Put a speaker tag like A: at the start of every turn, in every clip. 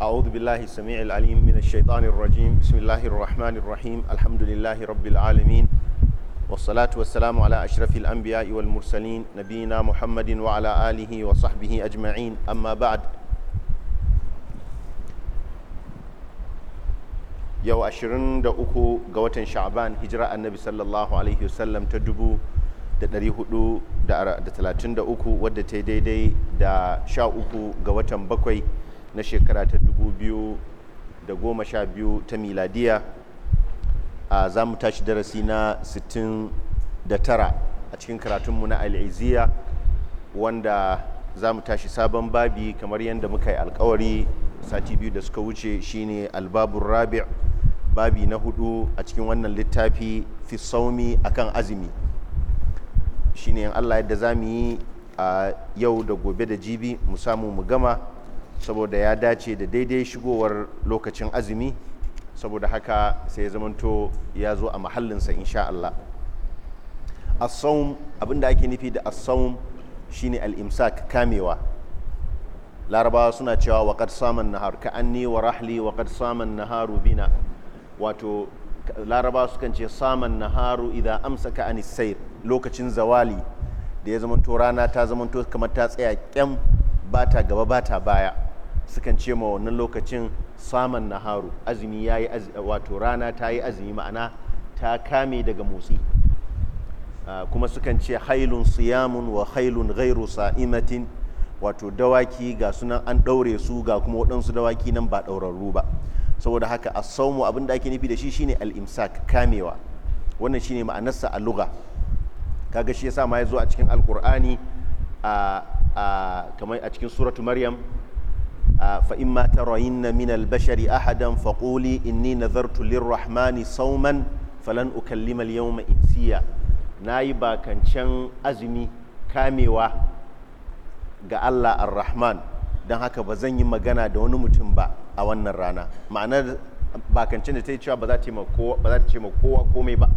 A: أعوذ بالله السميع العليم من الشيطان الرجيم بسم الله الرحمن الرحيم الحمد لله رب العالمين والصلاة والسلام على أشرف الأنبياء والمرسلين نبينا محمد وعلى آله وصحبه أجمعين أما بعد yau 23 ga watan sha'ban hijira annabi sallallahu alaihi wasallam ta 433 wadda ta daidai da 13 ga watan bakwai na shekara ta goma sha biyu ta miladiya a za mu tashi darasi na sittin da tara a cikin karatunmu na al'iziya wanda za mu tashi sabon babi kamar yadda muka yi alkawari sati biyu da suka wuce shine albabun rabi' babi na hudu a cikin wannan littafi fi saumi akan azumi shine in allah yadda za mu yi a yau da gobe da jibi mu samu mu gama saboda ya dace da daidai shigowar lokacin azumi saboda haka sai ya zamanto ya zo a mahallinsa insha Allah asawun abinda ake nufi da asawun shine al-imsak kamewa larabawa suna cewa wa qad saman nahar ka anni wa rahli wa qad saman naharu bina wato larabawa sukan ce saman naharu idan amsa ka an sai lokacin zawali da ya zamanto rana ta zamanto kamar ta tsaya kyam ba ta gaba ba ta baya sukan ce ma wannan lokacin saman naharu azumi ya yi wato rana ta yi azumi ma'ana ta kame daga motsi ah, kuma sukan ce hailun siyamun wa hailun gairu sa'imatin wato dawaki ga sunan an ɗaure su ga kuma waɗansu dawaki nan ba ɗaurarru ba saboda haka a saumu abin da ake nufi da shi shine al-imsak kamewa wannan shine ma'anarsa a lugha kaga shi yasa ma ya zo a cikin alkur'ani a kamar a cikin suratu maryam fa in ma tarayinna min al-bashari ahadan fa quli inni nazartu lirrahmani sauman falan ukallima al-yawma insiya nayi bakancan azumi kamewa ga Allah ar-rahman don haka ba zan yi magana da wani mutum ba a wannan rana ma'anar bakancin da ta yi cewa ba za ta ce ma kowa komai ba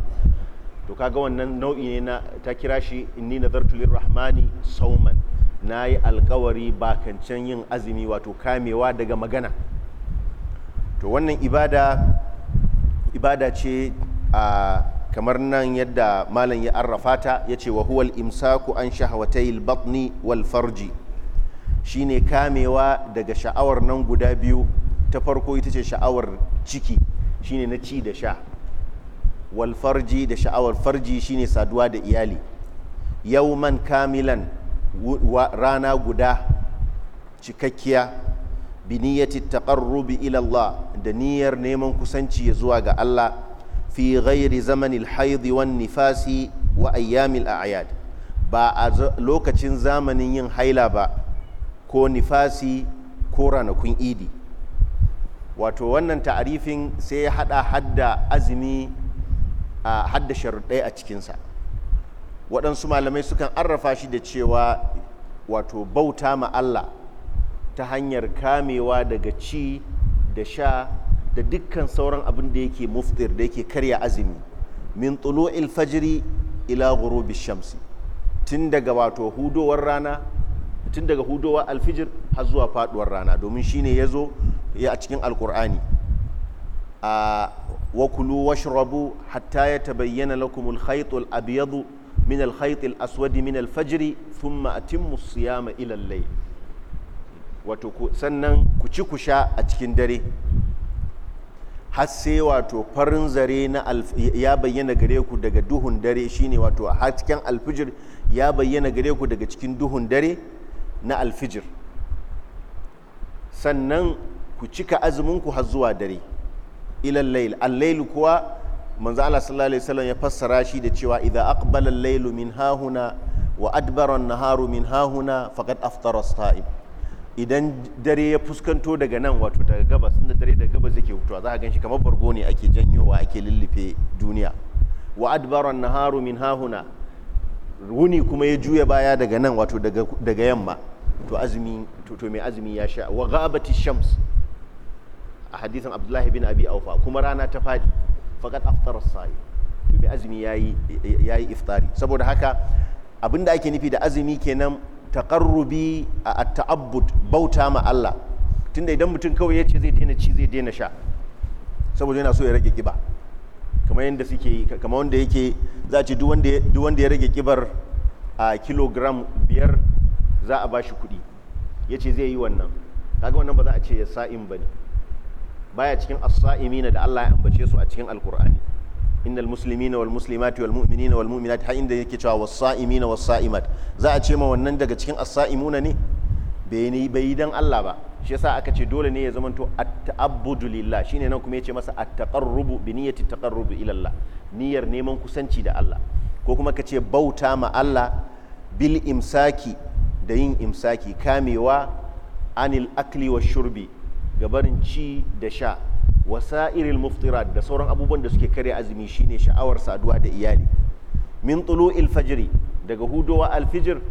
A: to kaga wannan nau'i ne na ta kira shi inni nazartu lirrahmani sauman na yi alkawari bakancan yin azumi wato kamewa daga magana to wannan ibada ibada ce a kamar nan yadda malam ya arrafa ta ya ce wa huwal imsaku an shahawatayil batni wal farji shine kamewa daga sha'awar nan guda biyu ta farko ita ce sha'awar ciki shine na ci da sha wal farji da sha'awar farji shine saduwa da iyali yau yauman kamilan rana guda cikakkiya biniyati taqarrubi ila Allah da niyyar neman kusanci ya zuwa ga Allah fi ghairi zamanil haidi wan nifasi wa ayyamil a'yad ba a lokacin zamanin yin haila ba ko nifasi ko ranakun idi wato wannan ta'arifin sai ya hada hadda azumi a hadda sharuɗai a cikinsa waɗansu malamai sukan arrafa shi da cewa wato bauta ma Allah ta hanyar kamewa daga ci da sha da dukkan sauran abin da yake muftir da yake karya azumi min tulu'il fajiri ila ghurubi shamsi tun daga wato hudowar rana tun daga hudowar alfijir har zuwa faduwar rana domin shine ya zo ya a cikin alkur'ani a wakulu washrabu hatta ya tabayyana lakumul khaytul abyadu Minal al-khayt al-aswad min al-fajr thumma atimmu as-siyama wato sannan ku ci ku sha a cikin dare har sai wato farin zare na ya bayyana gare ku daga duhun dare shine wato hasken alfijir ya bayyana gare ku daga cikin duhun dare na alfijir sannan ku cika azuminku har zuwa dare ilal kuwa manzo Allah sallallahu alaihi wasallam ya fassara shi da cewa idza aqbala al-laylu min hahuna wa adbara an-naharu min hahuna faqad aftara as-sa'im idan dare ya fuskanto daga nan wato daga gabas inda dare daga gabas yake hutuwa za a ganshi kamar bargo ne ake janyowa ake lullufe duniya wa adbara an-naharu min hahuna wuni kuma ya juya baya daga nan wato daga yamma to azumi to mai azumi ya sha wa ghabati shams a hadisin abdullahi bin abi aufa kuma rana ta fadi faqad aftar sa'i to bi azumi yayi yayi iftari saboda haka abinda ake nufi da azumi kenan taqarrubi a ta'abbud bauta ma Allah tunda idan mutum kawai yace zai daina ci zai daina sha saboda yana so ya rage kiba kamar yadda suke kamar wanda yake za a ce duk wanda ya rage kibar a kilogram biyar za a ba shi kuɗi yace zai yi wannan kaga wannan ba za a ce ya sa'in ba ne baya cikin as-sa'imina da Allah ya ambace su a cikin alkur'ani innal muslimina wal muslimati wal mu'minina wal mu'minati har inda yake cewa was-sa'imina was-sa'imat za a ce ma wannan daga cikin as-sa'imuna ne bai ni bai dan Allah ba shi yasa aka ce dole ne ya zamanto at-ta'abbudu lillah shine nan kuma yace masa at-taqarrubu bi niyyati taqarrubu ila Allah niyyar neman kusanci da Allah ko kuma ka ce bauta ma Allah bil imsaki da yin imsaki kamewa anil akli wa shurbi gabarin ci da sha wasa'iril muftira da sauran abubuwan da suke kare azumi shine sha'awar saduwa da iyali min tulu'il daga hudowa alfijir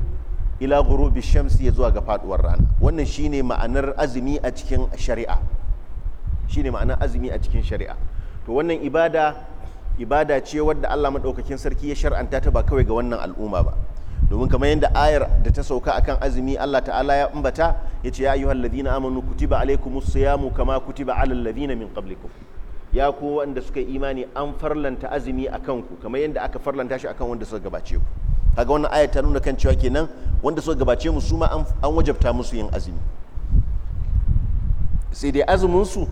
A: ila gurubi shamsi ya zuwa ga faduwar rana wannan shine ma'anar azumi a cikin shari'a shine ma'anar azumi a cikin shari'a to wannan ibada ibada ce wadda Allah madaukakin sarki ya shar'anta ta ba kawai ga wannan al'umma ba domin kamar yadda ayar da ta sauka akan azumi Allah ta'ala ya ambata ya ce ya ayyuhal ladina amanu kutiba alaikumus siyamu kama kutiba alal ladina min qablikum ya ku wanda suka imani an farlanta azumi a kanku kamar yadda aka farlanta shi akan wanda suka gabace ku kaga wannan ayar ta nuna kan cewa kenan wanda suka gabace mu su ma an wajabta musu yin azumi sai dai azumin su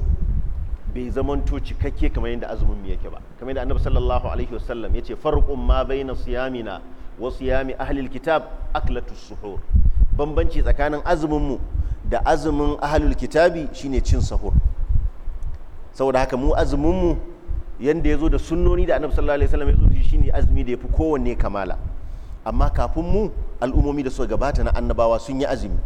A: bai zamanto cikakke kamar yadda azumin mu yake ba kamar yadda annabi sallallahu alaihi wasallam yace farqun ma baina siyamina wa siyami ahlil kitab aklatus suhur bambanci tsakanin azumin mu da azumin ahlul kitabi shine cin sahur saboda haka mu azumin mu yanda yazo da sunnoni da annabi sallallahu alaihi wasallam yazo shi shine azumi da yafi kowanne kamala amma kafin mu al'umomi da suka gabata na annabawa sun yi azumi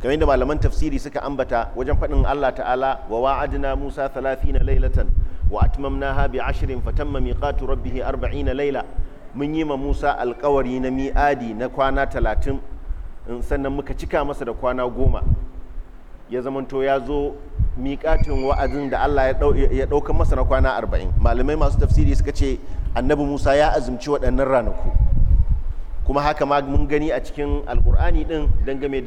A: kamar yadda malaman tafsiri suka ambata wajen faɗin Allah ta'ala wa wa'adna Musa 30 lailatan wa atmamnaha bi 10 fatamma miqatu rabbih 40 Layla. mun yi ma Musa alkawari na mi'adi na kwana talatin sannan muka cika masa da kwana goma ya zamanto ya zo miƙatin wa'azin da Allah ya ɗauka masa na kwana arba'in malamai masu tafsiri suka ce annabi Musa ya azumci waɗannan ranaku kuma haka ma mun gani a cikin alkur'ani ɗin dangane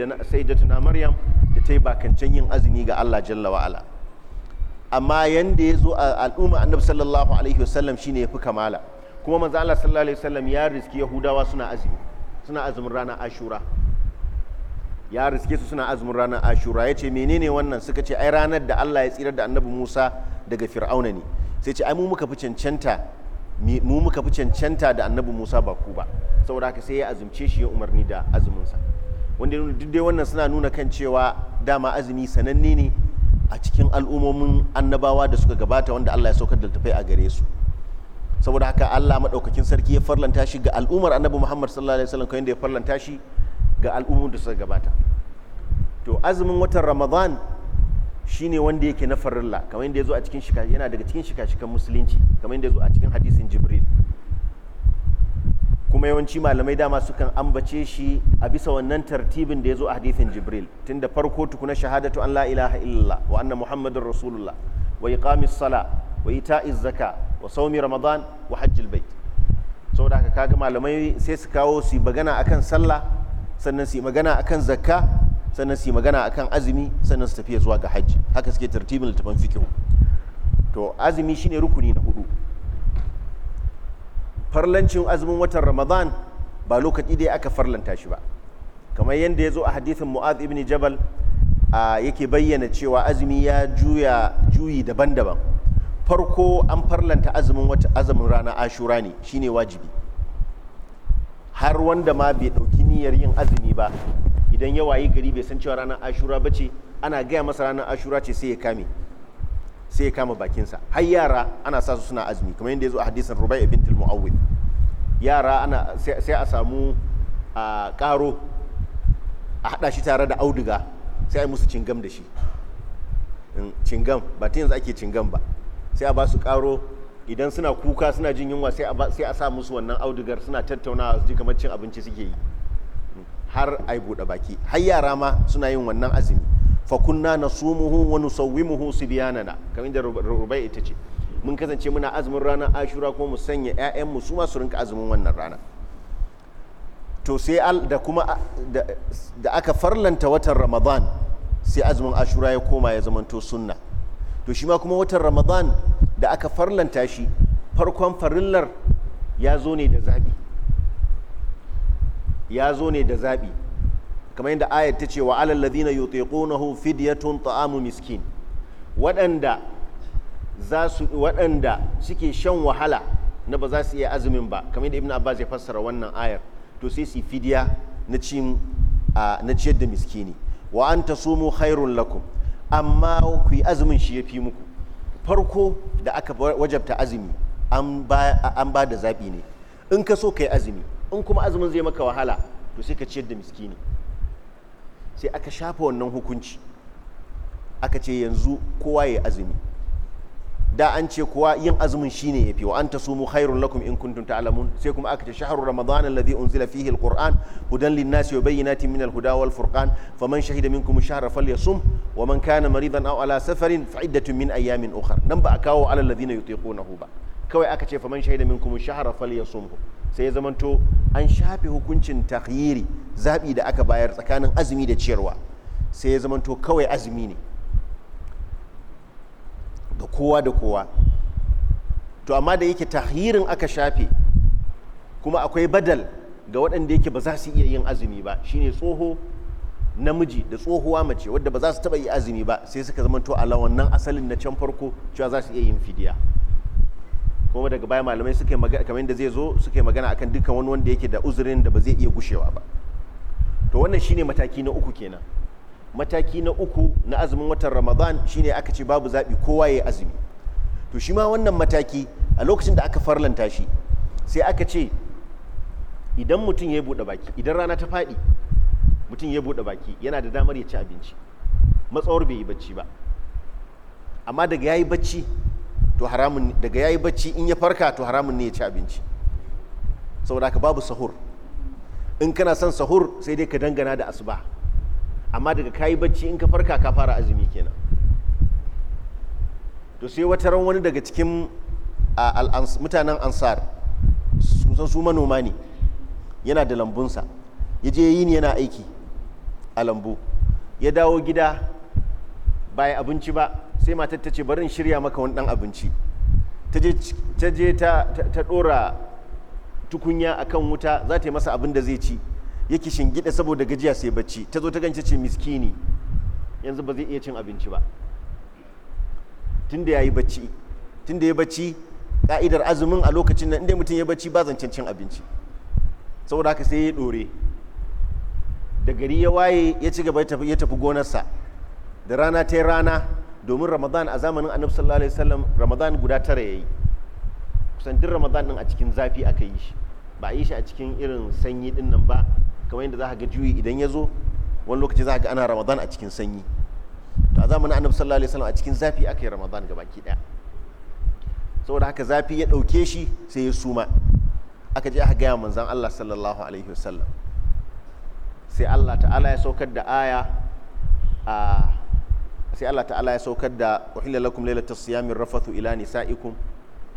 A: da tuna maryam da ta yi bakancan yin azumi ga Allah jalla wa'ala amma yanda ya zo a al'umma annabi sallallahu alaihi wasallam shine ya fi kamala kuma manzo Allah sallallahu alaihi wasallam ya riski yahudawa suna azumi suna azumin ranar ashura ya riske su suna azumin ranar ashura ya ce menene wannan suka ce ai ranar da Allah ya tsirar da annabi Musa daga fir'auna ne sai ce ai mu muka fi cancanta mu muka fi cancanta da annabi Musa ba ku ba saboda haka sai ya azumce shi ya umarni da azumin sa wanda duk dai wannan suna nuna kan cewa dama azumi sananne ne a cikin al'ummomin annabawa da suka gabata wanda Allah ya saukar da tafai a gare su saboda haka Allah madaukakin sarki ya farlanta shi ga al'ummar annabi Muhammad sallallahu alaihi wasallam kamar yadda ya farlanta shi ga al'ummar da suka gabata to azumin watan Ramadan shine wanda yake na farilla kamar yadda yazo a cikin shika yana daga cikin shika-shikan musulunci kamar yadda yazo a cikin hadisin Jibril kuma yawanci malamai dama sukan ambace shi a bisa wannan tartibin da ya zo a hadisin jibril tun da farko tukuna shahadatu an la ilaha illallah wa anna muhammadin rasulullah wa iqamis sala wa ita'iz zaka wa saumi ramadan wa hajjil bait saboda haka kaga malamai sai su kawo su magana akan sallah sannan su magana akan zakka sannan su magana akan azumi sannan su tafiya zuwa ga hajji haka suke tartibin littafin fikihu to azumi shine rukuni na hudu farlancin azumin watan ramadan ba lokaci dai aka farlanta shi ba kamar yadda ya zo a hadithin mu'ad ibn jabal yake bayyana cewa azumi ya juya juyi daban-daban farko an farlanta azumin wata azumin rana ashura ne shine wajibi har wanda ma bai ɗauki niyyar yin azumi ba idan ya wayi gari bai san cewa ranar ashura ba ce ana gaya masa ranar ashura ce sai ya kame sai ya kama bakinsa har yara ana sa su suna azumi kamar yadda ya zo a hadisan rubai ibn mu'awwid yara ana sai a samu a karo a hada shi tare da auduga sai a yi musu cingam da shi hmm, cingam ba ta yanzu ake cingam ba sai a ba su karo idan suna kuka suna jin yunwa sai a sa musu wannan audugar suna tattaunawa su ji kamar cin abinci suke yi har a yi buɗe baki har yara ma suna yin wannan azumi fa kunna nasumuhu wa nusawwimuhu sibyanana kamar da rubai ita ce mun kasance muna azumin ranar ashura ko mu sanya ƴaƴan mu su ma su rinka azumin wannan rana to sai da kuma da aka farlanta watan ramadan sai azumin ashura ya koma ya zamanto sunna to shi ma kuma watan ramadan da aka farlanta shi farkon farillar ya zo ne da zaɓi ya zo ne da zaɓi kamar yadda ayat ta ce wa alal ladina yutiqunahu fidyatun ta'amu miskin waɗanda za su waɗanda suke shan wahala na ba za su iya azumin ba kamar yadda ibnu abbas ya fassara wannan ayar to sai su fidiya na cin na ciyar da miskini wa an tasumu khairun lakum amma ku yi azumin shi ya fi muku farko da aka wajabta azumi an ba da zaɓi ne in ka so ka yi azumi in kuma azumin zai maka wahala to sai ka ciyar da miskini sai aka shafa wannan hukunci aka ce yanzu kowa ya azumi da an ce kuwa yin azumin shine yafi wa anta sumu khairun lakum in kuntum ta'lamun sai kuma aka ce shahru ramadan alladhi unzila fihi alquran hudan linnasi wa bayyinatin min alhuda wal furqan faman shahida minkum ash-shahra falyasum wa man kana maridan aw ala safarin fa iddatun min ayamin ukhra nan ba a kawo alal ladina yutiqunahu ba kawai aka ce faman shahida minkum ash-shahra falyasumhu sai ya zamanto an shafe hukuncin takhyiri zabi da aka bayar tsakanin azumi da ciyarwa sai ya zamanto kawai azumi ne ga kowa da kowa to amma da yake tahirin aka shafe kuma akwai badal ga waɗanda yake ba za su iya yin azumi ba shine tsoho namiji da tsohuwa mace wadda ba za su taɓa yi azumi ba sai suka zama to ala wannan asalin na can farko cewa za su iya yin fidiya kuma daga baya malamai suka magana kamar yadda zai zo suka yi magana akan dukkan wani wanda yake da uzurin da ba zai iya gushewa ba to wannan shine mataki na uku kenan mataki na uku na azumin watan ramadan shine aka ce babu zaɓi kowa ya azumi to shi ma wannan mataki a lokacin da aka farlanta shi sai aka ce idan mutum ya buɗe baki idan rana ta faɗi mutum ya buɗe baki yana da damar ya ci abinci matsawar bai yi bacci ba amma daga yayi yi bacci to haramun daga yayi bacci in ya farka to haramun ne ya ci abinci saboda haka babu sahur in kana son sahur sai dai ka dangana da asuba amma daga kayi bacci in ka farka ka fara azumi kenan to sai wata ran wani daga cikin mutanen ansar kusan su manoma ne yana da lambunsa ya je yini yana aiki a lambu ya dawo gida ba abinci ba sai matar ta ce barin shirya maka wani dan abinci ta je ta ɗora tukunya akan wuta za ta yi masa abin da zai ci yake shingida saboda gajiya sai bacci ta zo ta gance ce miskini yanzu ba zai iya cin abinci ba tunda yi bacci tunda ya bacci ka'idar azumin a lokacin nan inda mutum ya bacci ba zancen cin abinci saboda haka sai ya dore da gari ya waye ya ci gaba ya tafi gonarsa da rana ta rana domin ramadan a zamanin annabi sallallahu alaihi wasallam ramadan guda tara yayi kusan duk ramadan din a cikin zafi aka yi shi ba a yi shi a cikin irin sanyi din ba kamar yadda za ka ga juyi idan ya zo wani lokaci za ka ga ana ramadan a cikin sanyi to a zamanin annabi sallallahu alaihi wasallam a cikin zafi aka yi ramadan baki daya saboda haka zafi ya dauke shi sai ya suma aka je aka gaya manzon Allah sallallahu alaihi wasallam sai Allah ta'ala ya saukar da aya a sai Allah ta'ala ya saukar da uhilla lakum lailatul siyamir rafathu ila nisaikum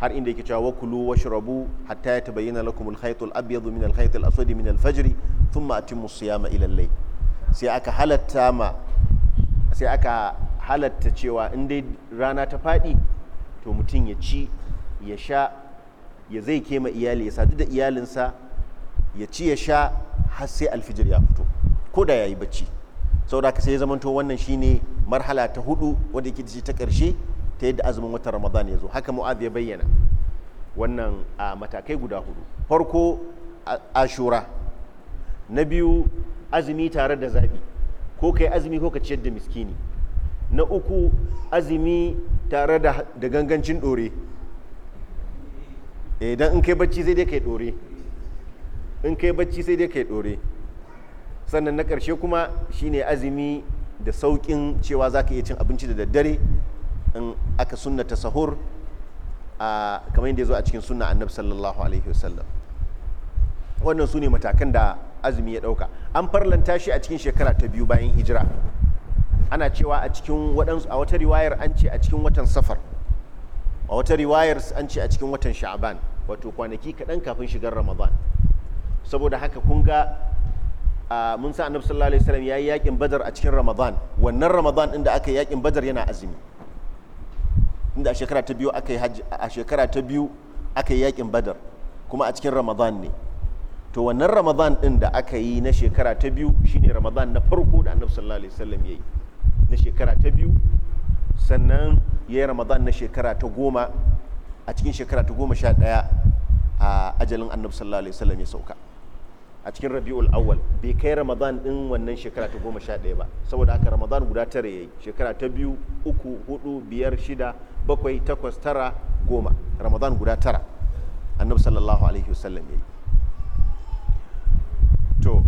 A: har inda yake cewa wa washrabu hatta yatabayyana lakum al-khayt al-abyad min al-khayt al-aswad min al-fajr thumma atimmu siyama ila al-layl sai aka halatta ma sai aka halatta cewa in dai rana ta fadi to mutum ya ci ya sha ya zai kema iyali ya sadu da iyalinsa ya ci ya sha har sai alfijir ya fito ko da yayi bacci saboda sai ya zamanto wannan shine marhala ta hudu wanda yake ta karshe ta yadda azumin watan ramadan ya zo haka mu'ad ya bayyana wannan a matakai guda hudu farko ashura na biyu azumi tare da zaɓi ko kai azumi ko ka ciyar da miskini na uku azumi tare da gangancin ɗore idan eh, in kai bacci sai dai kai ɗore in kai bacci sai dai kai ɗore sannan na ƙarshe kuma shine azumi da sauƙin cewa za ka iya cin abinci da daddare in aka sunnata sahur a kamar yadda ya zo a cikin sunna annabi sallallahu alaihi wasallam wannan su ne matakan da azumi ya ɗauka an farlanta shi a cikin shekara ta biyu bayan hijira ana cewa a cikin waɗansu a wata riwayar an ce a cikin watan safar a wata riwayar an ce a cikin watan sha'aban wato kwanaki kaɗan kafin shigar ramadan saboda haka kun ga mun sa annabi sallallahu alaihi wasallam yayi yakin badar a cikin ramadan wannan ramadan inda aka yi yakin badar yana azumi inda a shekara ta biyu aka yi a shekara ta biyu aka yi yakin badar kuma a cikin ramadan ne to wannan ramadan din da aka yi na shekara ta biyu shine ramadan na farko da annabi sallallahu alaihi wasallam yayi na shekara ta biyu sannan ya yi ramadan na shekara ta goma a cikin shekara ta goma sha ɗaya a ajalin annabi sallallahu alaihi wasallam ya sauka a cikin rabi'ul awwal bai kai ramadan din wannan shekara ta goma sha ɗaya ba saboda haka ramadan guda tara yayi shekara ta biyu uku hudu biyar shida bakwai takwas tara goma ramadan guda tara annabi sallallahu alaihi wasallam yayi to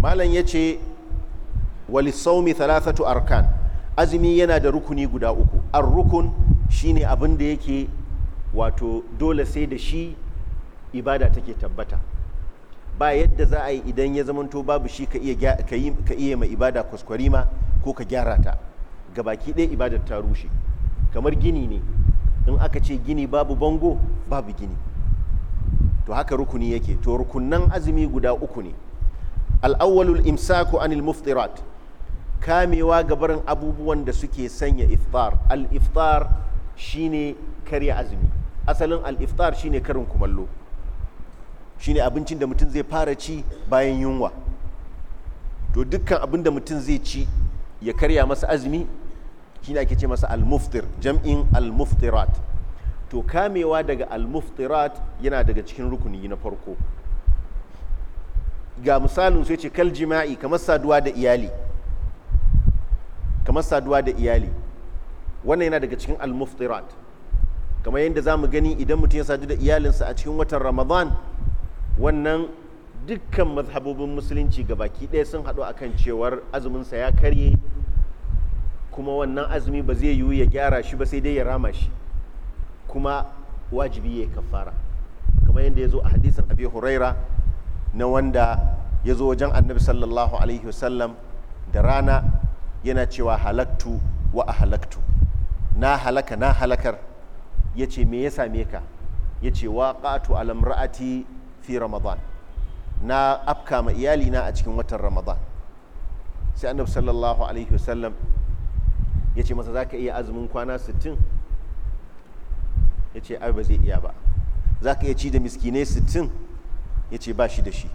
A: malam yace wali saumi thalathatu arkan azumi yana da rukuni guda uku ar rukun shine abin da yake wato dole sai da shi ibada take tabbata ba yadda za a yi idan ya zamanto babu shi ka iya ma ibada ibada kwaskwarima ko ka gyara ta gabaki ɗaya ibadar ta rushe kamar gini ne in aka ce gini babu bango babu gini to haka rukuni yake to rukunan azumi guda uku ne al'awwalul imsaku anil muftirat kamewa ga barin abubuwan da suke sanya iftar al-iftar shine karya azumi asalin al-iftar shine karin kumallo shine abincin da mutum zai fara ci bayan yunwa to dukkan abin da mutum zai ci ya karya masa azumi shine ake ce masa almuftir jam'in almuftirat to kamewa daga almuftirat yana daga cikin rukuni na farko ga misalin sai ce kal jima'i kamar saduwa da iyali kamar saduwa da iyali wannan yana daga cikin almuftirat kamar yadda za mu gani idan mutum ya sadu da iyalinsa a cikin watan ramadan wannan dukkan mazhabobin musulunci ga baki ɗaya sun haɗu a kan cewar azuminsa ya karye kuma wannan azumi ba zai yiwu ya gyara shi ba sai dai ya rama shi kuma wajibi ya kafara kamar yadda ya zo a hadisin abi huraira na wanda ya zo wajen annabi sallallahu alaihi wasallam da rana yana cewa halaktu wa a halaktu na halaka na halakar ya ce me ya same ka ya ce wa ƙatu alamra'ati fi ramadan na afka ma iyalina a cikin watan ramadan sai annabi sallallahu alaihi wasallam ya ce masa za ka iya azumin kwana 60 ya ce ai ba zai iya ba za ka iya ci da miskinai ya ce ba shi da shi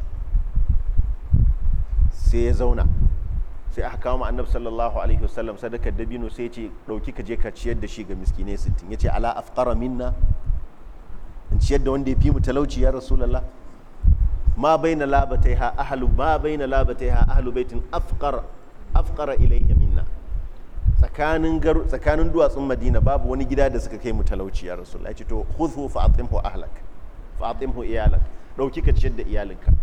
A: sai ya zauna sai aka kawo annabi sallallahu alaihi wasallam dabino sai ya ce ɗauki ka je ka ciyar da shi ga miskinai 60 ya ce ala afqara minna in ciyar da wanda ya fi mu talauci ya rasulallah ma labatai ha ahalu ma baina labataiha ahlu baitin afqar afqara ilayya minna tsakanin garu tsakanin duwatsun madina babu wani gida da suka kai mu talauci ya rasul ya ce to khudhu fa atimhu ahlak fa atimhu iyalak dauki ka ciyar da iyalinka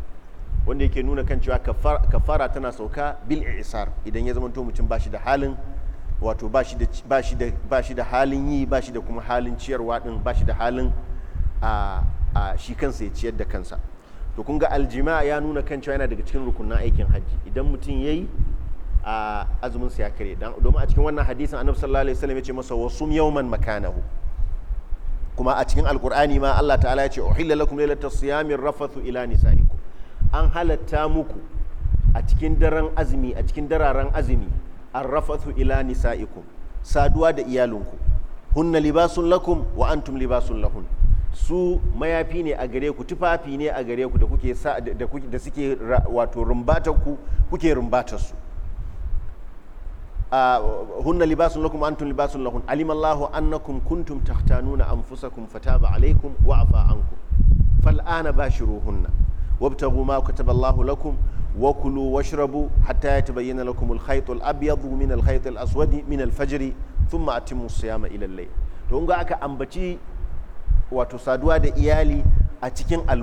A: wanda yake nuna kan cewa kafara tana sauka bil isar idan ya zamanto mutum bashi da halin wato bashi da halin yi bashi da kuma halin ciyarwa din bashi da halin a shi kansa ya ciyar da kansa to kun ga aljima ya nuna kan cewa yana daga cikin rukunin aikin hajji idan mutum ya yi a azumin sa ya kare domin a cikin wannan hadisin annabi sallallahu alaihi wasallam ya ce masa wasum yawman makanahu kuma a cikin alkur'ani ma Allah ta'ala ya ce uhilla lakum lailatas siyami rafathu ila nisaikum an halatta muku a cikin daren azumi a cikin dararen azumi arrafathu ila nisaikum saduwa da iyalinku hunna libasun lakum wa antum libasun lahun su mayafi ne a gare ku tufafi ne a gare ku da kuke da suke wato rumbatar ku kuke rumbatar su hunna libasun lakum antum libasun lahun alimallahu annakum kuntum tahtanuna anfusakum fataba alaikum wa afa ankum fal'ana bashiruhunna wabtaghu ma kataballahu lakum wa kulu washrabu hatta yatabayyana lakum al-khayt al-abyad min al-khayt al-aswad min al-fajr thumma atimmu as-siyama ila al-layl to ga aka ambaci wato saduwa da iyali a cikin al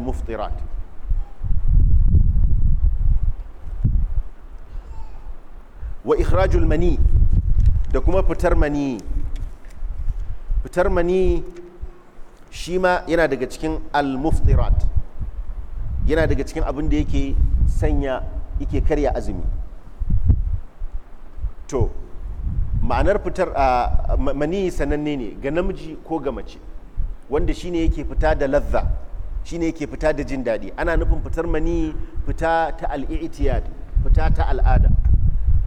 A: wa ikhrajul mani da kuma fitar mani fitar mani shi ma yana daga cikin al yana daga cikin abin da yake sanya yake karya azumi to ma'anar fitar mani sananne ne ga namiji ko ga mace wanda shine yake fita da lazza shine yake fita da jin daɗi ana nufin fitar mani fita ta al'i'tiyad fita ta al'ada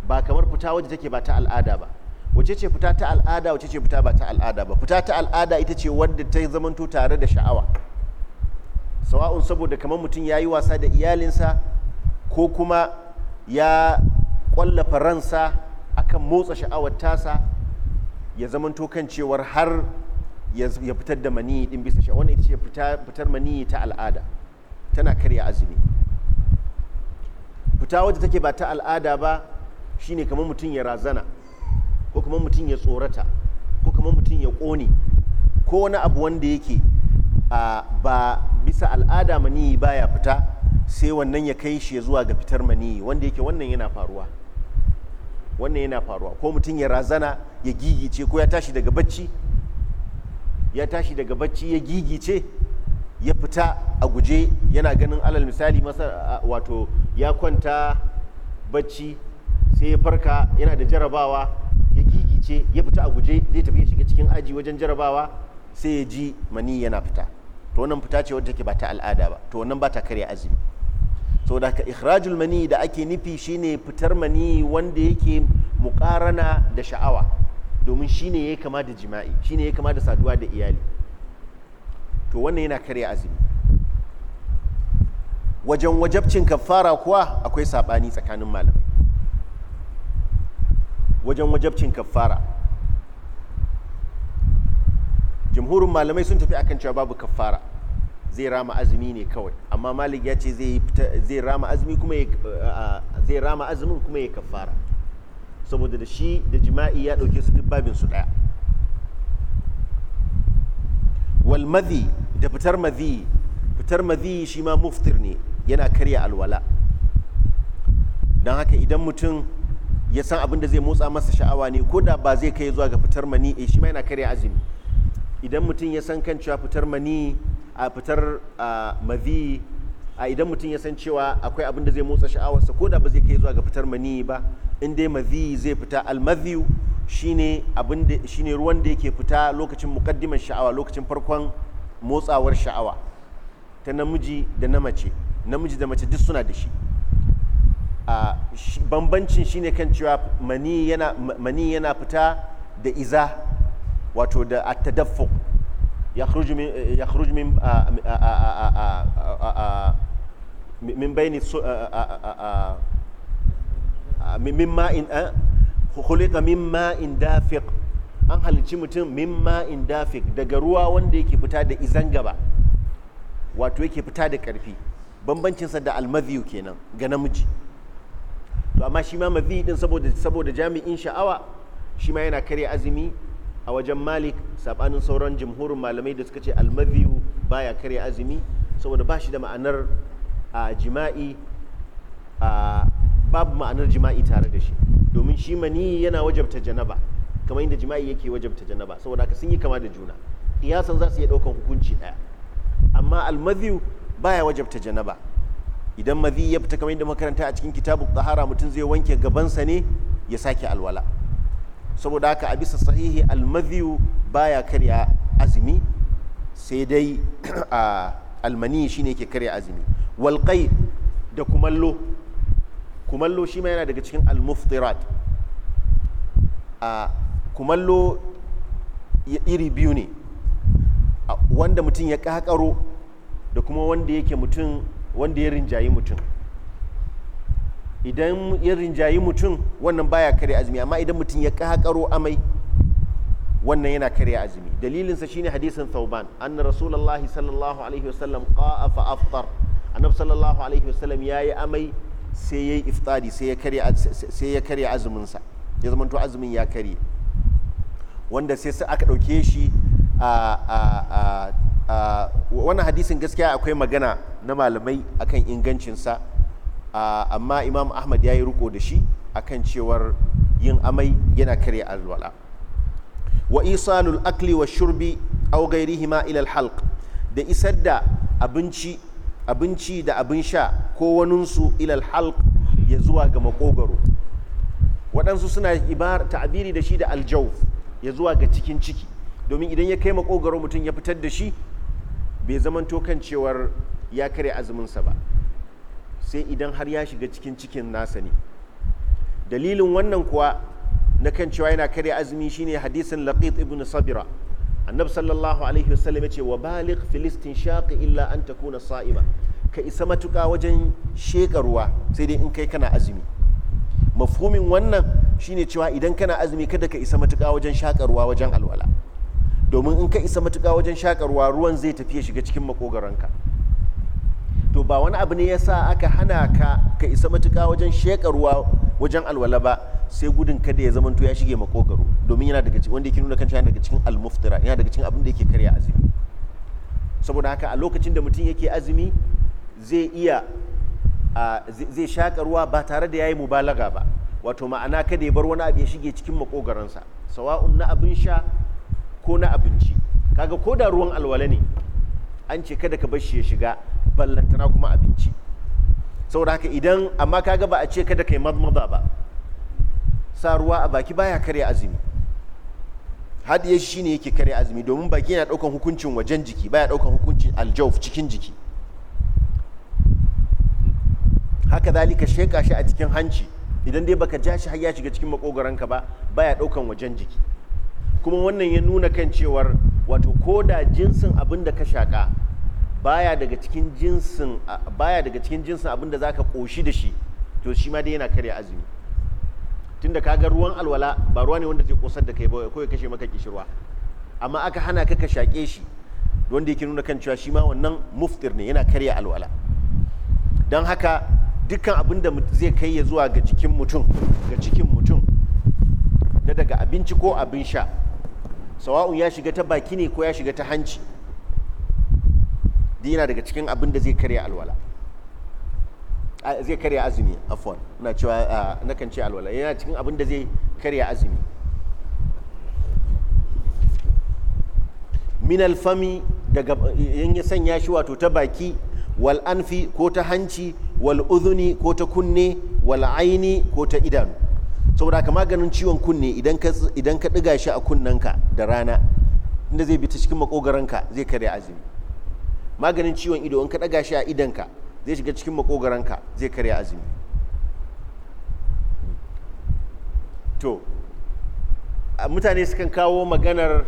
A: ba kamar fita waje take ba ta al'ada ba wace ce fita ta al'ada wace ce fita ba ta al'ada ba fita ta al'ada ita ce wadda ta zamanto tare da sha'awa sawa'un saboda kamar mutum ya yi wasa da iyalinsa ko kuma ya kwallafa ransa akan motsa sha'awar tasa ya zamanto kan cewar har ya fitar da mani din bisa sha wannan ita ce fitar mani ta al'ada tana karya azumi fita wadda take ba ta al'ada ba shine kamar mutum ya razana ko kamar mutum ya tsorata ko kamar mutum ya ƙone ko wani abu wanda yake ba bisa al'ada mani baya fita sai wannan ya kai shi zuwa ga fitar mani wanda yake wannan yana faruwa wannan yana faruwa ko mutum ya razana ya gigice ko ya tashi daga bacci ya tashi daga bacci ya gigice ya fita a guje yana ganin alal misali masa wato ya kwanta bacci sai ya farka yana da jarabawa ya gigice ya fita a guje zai tafi ya shiga cikin aji wajen jarabawa sai ya ji mani yana fita to wannan fita ce wadda ke ba ta al'ada ba to wannan ba ta karya azumi so da ka ikhrajul mani da ake nufi shine fitar mani wanda yake muƙarana da sha'awa domin shi ne ya yi kama da jima'i shi ne ya yi kama da saduwa da iyali to wannan yana karya azumi wajen wajabcin kafara kuwa akwai sabani tsakanin malamai wajen wajabcin kafara jamhurin malamai sun tafi akan cewa babu kafara zai rama azumi ne kawai amma malik ya ce zai rama azumin kuma ya kafara saboda da shi da jima'i ya ɗauke su duk babin su ɗaya wal madhi da fitar madhi fitar madhi shi ma muftir ne yana karya alwala don haka idan mutum ya san abin da zai motsa masa sha'awa ne ko da ba zai kai zuwa ga fitar mani eh shi ma yana karya azumi idan mutum ya san kan cewa fitar mani a fitar madhi a idan mutum ya san cewa akwai abin da zai motsa sha'awarsa ko da ba zai kai zuwa ga fitar mani ba in dai mazi zai fita almaziyu shine abin da ruwan da yake fita lokacin muqaddimar sha'awa lokacin farkon motsawar sha'awa ta namiji da na mace namiji da mace duk suna da shi a bambancin shine kan cewa mani yana yana fita da iza wato da at-tadaffuq yakhruju min yakhruju min min bayni min ma'in khuliqa min ma'in dafiq an halicci mutum min ma'in dafiq daga ruwa wanda yake fita da izan gaba wato yake fita da karfi bambancinsa da almadhiyu kenan ga namiji to amma shi ma madhi din saboda jami'in sha'awa shi ma yana karya azumi a wajen malik sabanin sauran jumhurin malamai da suka ce almadhiyu baya karya azumi saboda ba shi da ma'anar a jima'i a babu ma'anar jima'i tare da shi domin shi mani yana wajabta janaba kamar inda jima'i yake wajabta janaba saboda haka sun yi kama da juna iyasan za su iya ɗaukan hukunci ɗaya amma almadhiyu baya wajabta janaba idan madhi ya fita kamar inda makaranta a cikin kitabu tsahara mutum zai wanke gabansa ne ya sake alwala saboda haka a bisa sahihi almadhiyu baya karya azumi sai dai a almani shine ke karya azumi walƙai da kumallo kumallo shi ma yana daga cikin almuftirat a kumallo iri biyu ne wanda mutum ya kakaro da kuma wanda yake mutum wanda ya rinjayi mutum idan ya rinjayi mutum wannan baya kare azumi amma idan mutum ya kakaro amai wannan yana karya azumi dalilinsa shine hadisin thauban anna rasulullahi sallallahu alaihi wasallam qa'a fa aftar annabi sallallahu alaihi wasallam yayi amai sai yayi iftari sai ya karya sai ya karya azumin sa ya zama to azumin ya karye wanda sai sai aka dauke shi a a wannan hadisin gaskiya akwai magana na malamai akan ingancin sa amma imam ahmad yayi riko da shi akan cewar yin amai yana karya alwala wa isalul akli wa shurbi aw ghairihima ila al da isar da abinci da abin sha ko waninsu ilal halk ya zuwa ga makogaro waɗansu suna ibar ta'abiri da shi da aljau ya zuwa ga cikin ciki domin idan ya kai makogaro mutum ya fitar da shi bai zaman tokan cewar ya kare azuminsa ba sai idan har ya shiga cikin cikin nasa ne dalilin wannan kuwa na kan cewa yana karya azumi shine hadisin laqit ibn sabira annabi sallallahu alaihi wasallam yace wa baligh filistin shaqi illa an takuna sa'ima ka isa matuka wajen sheka sai dai in kai kana azumi mafhumin wannan shine cewa idan kana azumi kada ka isa matuka wajen shaka wajen alwala domin in ka isa matuka wajen shaka ruwa ruwan zai tafi ya shiga cikin makogaranka to ba wani abu ne yasa aka hana ka ka isa matuka wajen sheka wajen alwala ba sai gudun kada ya zamanto ya shige makogaro domin yana daga cikin wanda yake nuna kanta yana daga cikin almuftira yana daga cikin abin da yake karya azumi saboda haka a lokacin da mutum yake azumi zai iya zai shaƙa ruwa ba tare da yayi mubalaga ba wato ma'ana kada ya bar wani abu ya shige cikin makogaransa sawa'un na abin sha ko na abinci kaga ko da ruwan alwala ne an ce kada ka bar shi ya shiga ballantana kuma abinci saboda haka idan amma kaga ba a ce kada yi madmada ba sa ruwa a baki baya karya azumi hadiye shi ne yake karya azumi domin baki yana daukan hukuncin wajen jiki baya daukan hukuncin aljauf cikin jiki haka zalika sheka shi a cikin hanci idan dai baka ja shi har ya shiga cikin makogaranka ba baya daukan wajen jiki kuma wannan ya nuna kan cewar wato koda jinsin abin da ka shaka baya daga cikin jinsin baya daga cikin jinsin zaka koshi da shi to shi ma dai yana karya azumi tunda kaga ruwan alwala ba ruwa ne wanda zai kosar da kai ba ko ya kashe maka kishirwa amma aka hana ka ka shaƙe shi wanda yake nuna kan cewa shi ma wannan muftir ne yana karya alwala don haka dukkan abin da zai kai ya zuwa ga jikin mutum ga cikin mutum na daga abinci ko abin sha sawa'un ya shiga ta baki ne ko ya shiga ta hanci dina yana daga cikin abin da zai karya alwala zai karya azumi na cewa na kan ce alwala yana cikin abin da zai karya azumi min alfami daga yin ya sanya shi wato ta baki wal anfi ko ta hanci wal uzuni ko ta kunne wal aini ko ta idanu saboda ka maganin ciwon kunne idan ka ɗiga shi a kunnenka da rana inda zai bi ta cikin makogaranka zai karya azumi maganin ciwon ido in ka ɗaga shi a idanka zai shiga cikin makogaranka zai karya azumi to mutane sukan kawo maganar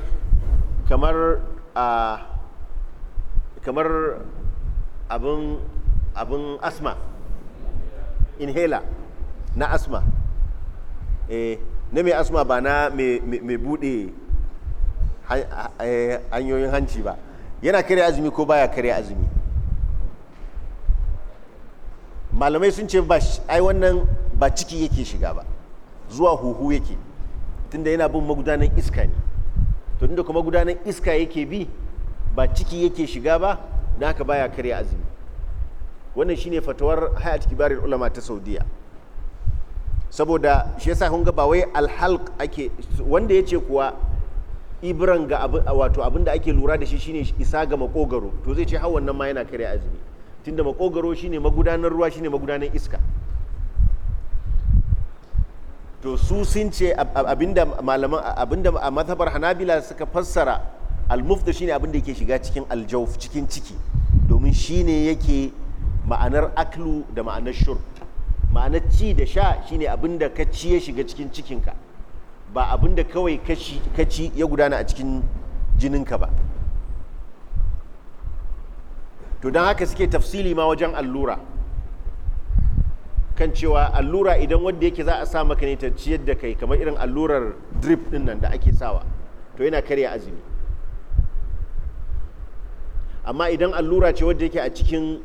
A: kamar a kamar abin abin asma inhaler na asma eh na mai asma ba na mai bude eh, hanyoyin hanci ba yana karya azumi ko baya karya azumi malamai sun ce ba ai wannan ba ciki yake shiga ba zuwa huhu yake tunda yana bin magudanan iska ne to inda kuma magudanar iska yake bi ba ciki yake shiga ba da haka baya karya azumi wannan shine fatawar hayat kibarin ulama ta saudiya saboda shi yasa hunga ba wai alhalq ake wanda yace kuwa ibran ga wato abin ake lura da shi shine isa ga makogaro to zai ce hawan nan ma yana karya azumi tunda makogaro shine magudanar ruwa shine magudanar iska to su sun ce abinda malaman abinda a mazhabar hanabila suka fassara al-mufti shine abinda yake shiga cikin aljauf cikin ciki domin shine yake ma'anar aklu da ma'anar shur ma'anar ci da sha shine abinda ka ci ya shiga cikin cikinka ba abin da kawai kaci ya gudana a cikin jinin ka ba to don haka suke tafsili ma wajen allura kan cewa allura idan wanda yake za a sa maka ne ta ciyar da kai kamar irin allurar drip din nan da ake sawa to yana karya azumi amma idan allura ce wadda yake a cikin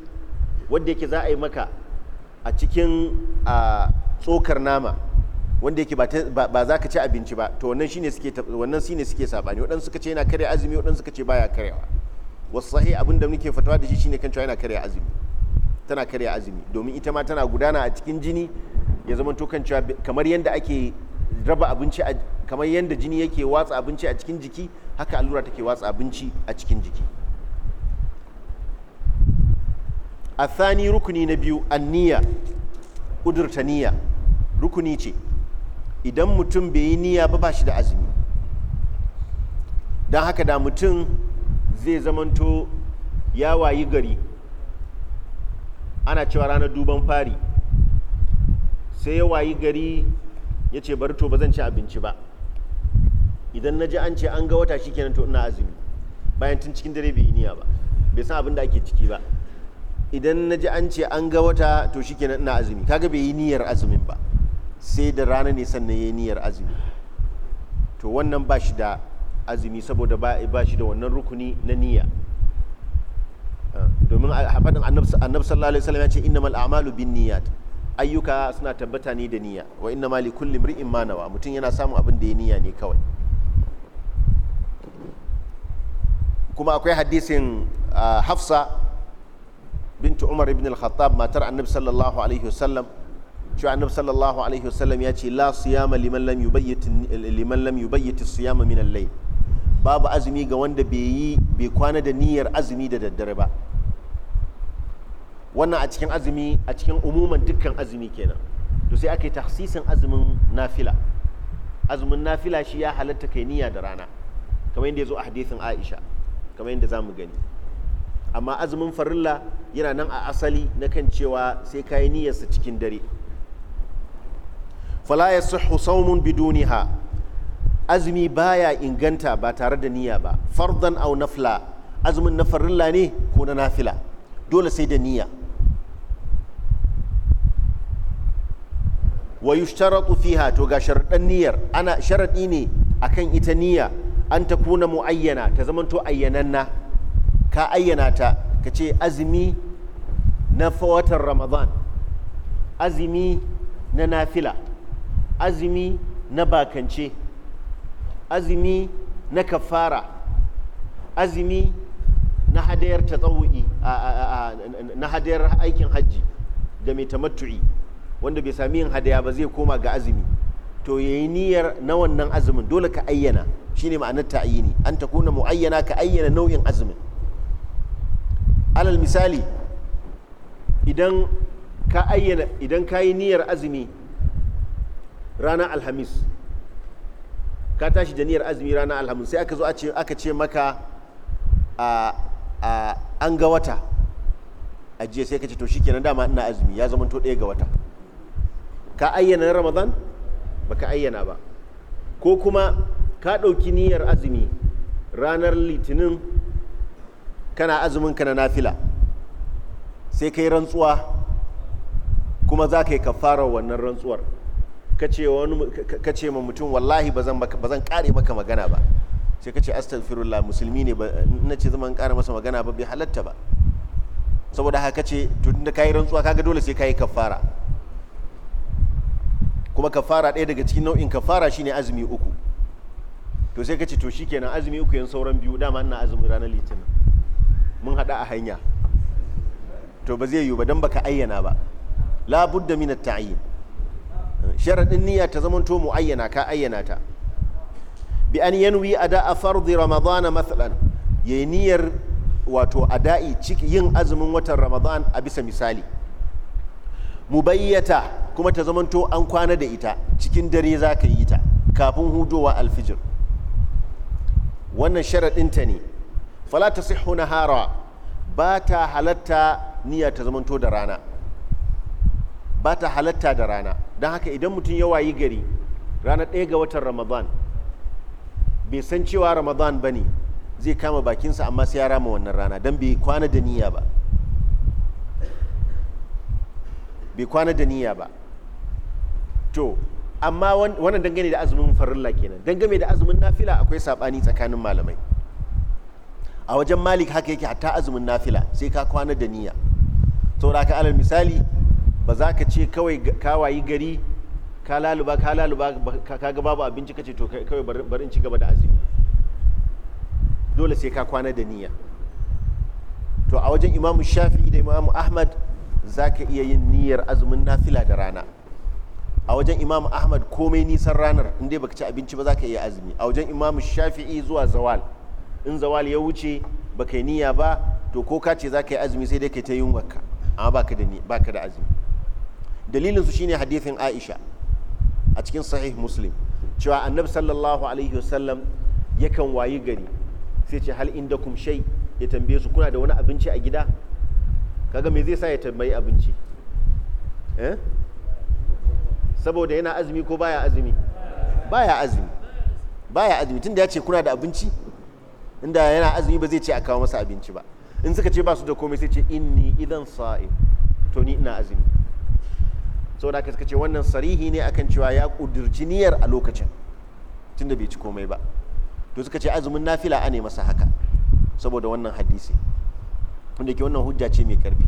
A: wadda yake za a yi maka a cikin tsokar nama wanda yake ba za ka ci abinci ba to wannan shine suke wannan shine suke sabani wadan suka ce yana karya azumi wadan suka ce baya karewa wasu sahi abin da muke fatawa da shi shine kan cewa yana karya azumi tana kare azumi domin ita ma tana gudana a cikin jini ya zama to kan cewa kamar yadda ake raba abinci kamar yanda jini yake watsa abinci a cikin jiki haka allura take watsa abinci a cikin jiki a rukuni na biyu anniya ƙudurta niyya rukuni ce idan mutum bai yi niyya ba ba shi da azumi don haka da mutum zai zamanto ya wayi gari ana cewa ranar duban fari sai ya wayi gari ya ce bari to ba zan ci abinci ba idan na ji an ce an ga wata shi kenan to ina azumi bayan tun cikin dare bai yi niyya ba bai san abin da ake ciki ba idan na ji an ce an ga wata to shi kenan ina azumi kaga bai yi niyyar azumin ba sai da rana ne sannan ya yi niyyar azumi to wannan ba shi da azumi saboda ba shi da wannan rukuni na niyya ah, domin a faɗin annabi sallallahu alaihi wasallam ya ce innamal a'malu bin niyyat ayyuka suna tabbata ne da niyya wa inna mali kulli imrin ma nawa mutum yana samun abin da ya niyya ne kawai kuma akwai hadisin ah, Hafsa bintu Umar ibn al-Khattab matar annabi sallallahu alaihi wasallam cewa annabi sallallahu alaihi wasallam ya ce la siyama liman lam yubayyit liman lam yubayyit siyama min al-layl babu azumi ga wanda bai yi bai kwana da niyyar azumi da daddare ba wannan a cikin azumi a cikin umuman dukkan azumi kenan to sai aka yi tahsisin azumin nafila azumin nafila shi ya halatta kai niyya da rana kamar yadda ya zo a hadisin Aisha kamar yadda mu gani amma azumin farilla yana nan a asali na kan cewa sai ka yi niyyarsa cikin dare fala ya sihhu saumun biduniha azumi baya inganta ba tare da niyya ba fardan aw nafla azumin na farilla ne ko na nafila dole sai da niyya wa yushtaratu fiha to ga sharadan niyar ana sharadi ne akan ita niyya an ta kuna muayyana ta zamanto ayyananna ka ayyana ta ka ce azumi na watan ramadan azumi na nafila azumi na bakance azumi na kafara azumi na hadayar ta tsawo'i na hadayar aikin hajji da mai tamattu'i wanda bai sami yin hadaya ba zai koma ga azumi to yayi niyyar na wannan azumin dole ka ayyana shine ma'anar ayyini an ta kuna mu ayyana ka ayyana nau'in azumin alal misali idan ka idan ka yi niyyar azumi rana alhamis ka tashi da niyyar azumi rana alhamis sai aka zo aka ce maka an ga wata a jiya sai ka ce to shikenan dama ina azumi ya zama to ɗaya ga wata ka ayyana ramadan ba ka ayyana ba ko kuma ka ɗauki niyyar azumi ranar litinin kana azumin ka na nafila sai ka yi rantsuwa kuma za ka yi kafarar wannan rantsuwar ka ce ma mutum wallahi ba zan kare maka magana ba sai ka ce astaghfirullah musulmi ne na ce zama kare masa magana ba bai halatta ba saboda haka ce tun da kayi rantsuwa kaga dole sai kayi kafara kuma kafara ɗaya daga cikin nau'in kafara shine azumi uku to sai ka ce to shikenan azumi uku yan sauran biyu dama ina azumi ranar litinin mun haɗa a hanya to ba zai yiwu ba don baka ayyana ba labudda minat at-ta'yin sharaɗin niyya ta zamanto mu ayyana ka ayyana ta bi an yanwi da a fardi ramadana matsalan ya yi niyyar wato a ada'i yin azumin watan ramadan a bisa misali mu bayyata kuma ta zamanto an kwana da ita cikin dare za ka yi ta kafin hudowa alfijir wannan ta ne fala ta sihu nahara ba ta halatta niyya ta zamanto da rana ba ta halatta da rana don haka idan mutum ya wayi gari ranar ɗaya ga watan ramadan bai san cewa ramadan ba ne zai kama bakinsa amma sai ya rama wannan rana don bai kwana da niyya ba bai kwana da niyya ba to amma wannan dangane da azumin farilla kenan dangane da azumin nafila akwai saɓani tsakanin malamai a wajen malik haka yake hatta azumin nafila sai ka kwana da niyya saboda haka alal misali ba za ka ce kawai kawayi gari ka laluba ka laluba ka ga babu abinci kace to kawai bari in ci gaba da azumi dole sai ka kwana da niyya to a wajen imamu shafi'i da imamu ahmad za ka iya yin niyyar azumin nafila da rana a wajen imamu ahmad komai nisan ranar inda baka ci abinci ba za ka iya azumi a wajen imamu shafi'i zuwa zawal in zawal ya wuce baka yi niyya ba to ko ka ce za ka yi azumi sai dai ka ta wakka amma baka da azumi dalilin su shine hadithin Aisha a cikin sahih Muslim cewa annabi sallallahu alaihi wasallam yakan wayi gari sai ce hal indakum shay ya tambaye su kuna da wani abinci a gida kaga me zai sa ya tambayi abinci eh saboda yana azumi ko baya azumi baya azumi baya azumi tunda ya ce kuna da abinci inda yana azumi ba zai ce a kawo masa abinci ba in suka ce ba su da komai sai ce inni idan sa'im to ni ina azumi saboda haka suka ce wannan sarihi ne akan cewa ya kudirci niyyar a lokacin tunda bai ci komai ba to suka ce azumin nafila ane masa haka saboda wannan hadisi wanda ke wannan hujja ce mai karfi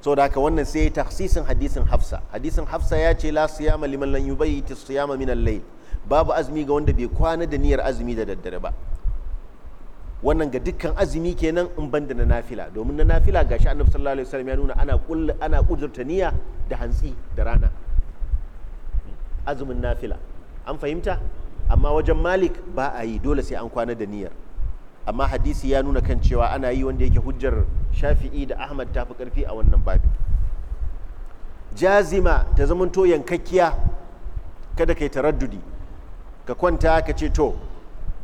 A: saboda haka wannan sai ya taksisin hadisin hafsa hadisin hafsa ya ce la siyama liman lan yubayyiti siyama min al-layl babu azumi ga wanda bai kwana da niyyar azumi da daddare ba wannan ga dukkan azumi kenan in ban da na nafila domin na nafila ga gashi annabi sallallahu alaihi wasallam ya nuna ana kull ana kudurta niyya da hantsi da rana azumin nafila an fahimta amma wajen malik ba a yi dole sai an kwana da niyyar amma hadisi ya nuna kan cewa ana yi wanda yake hujjar shafi'i da ahmad tafi karfi a wannan babi jazima ta zamanto yankakkiya kada kai taraddudi ka kwanta ka ce to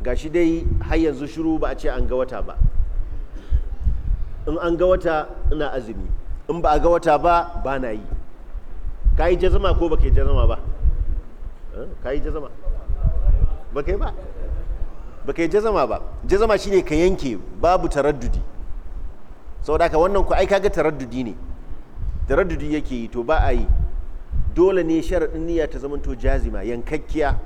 A: gashi dai har yanzu shiru ba a ce an ga wata ba in an ga wata ina azumi in ba a ga wata ba ba na yi ka yi jazama ko ba ka yi jazama ba eh, ka yi jazama ba ka yi ba ba ka yi jazama ba jazama shine ka yanke babu taraddudi da ka wannan ku ai ga taraddudi ne taraddudi yake yi to ba a yi dole ne sharaɗin niyya ta zamanto jazima yankakkiya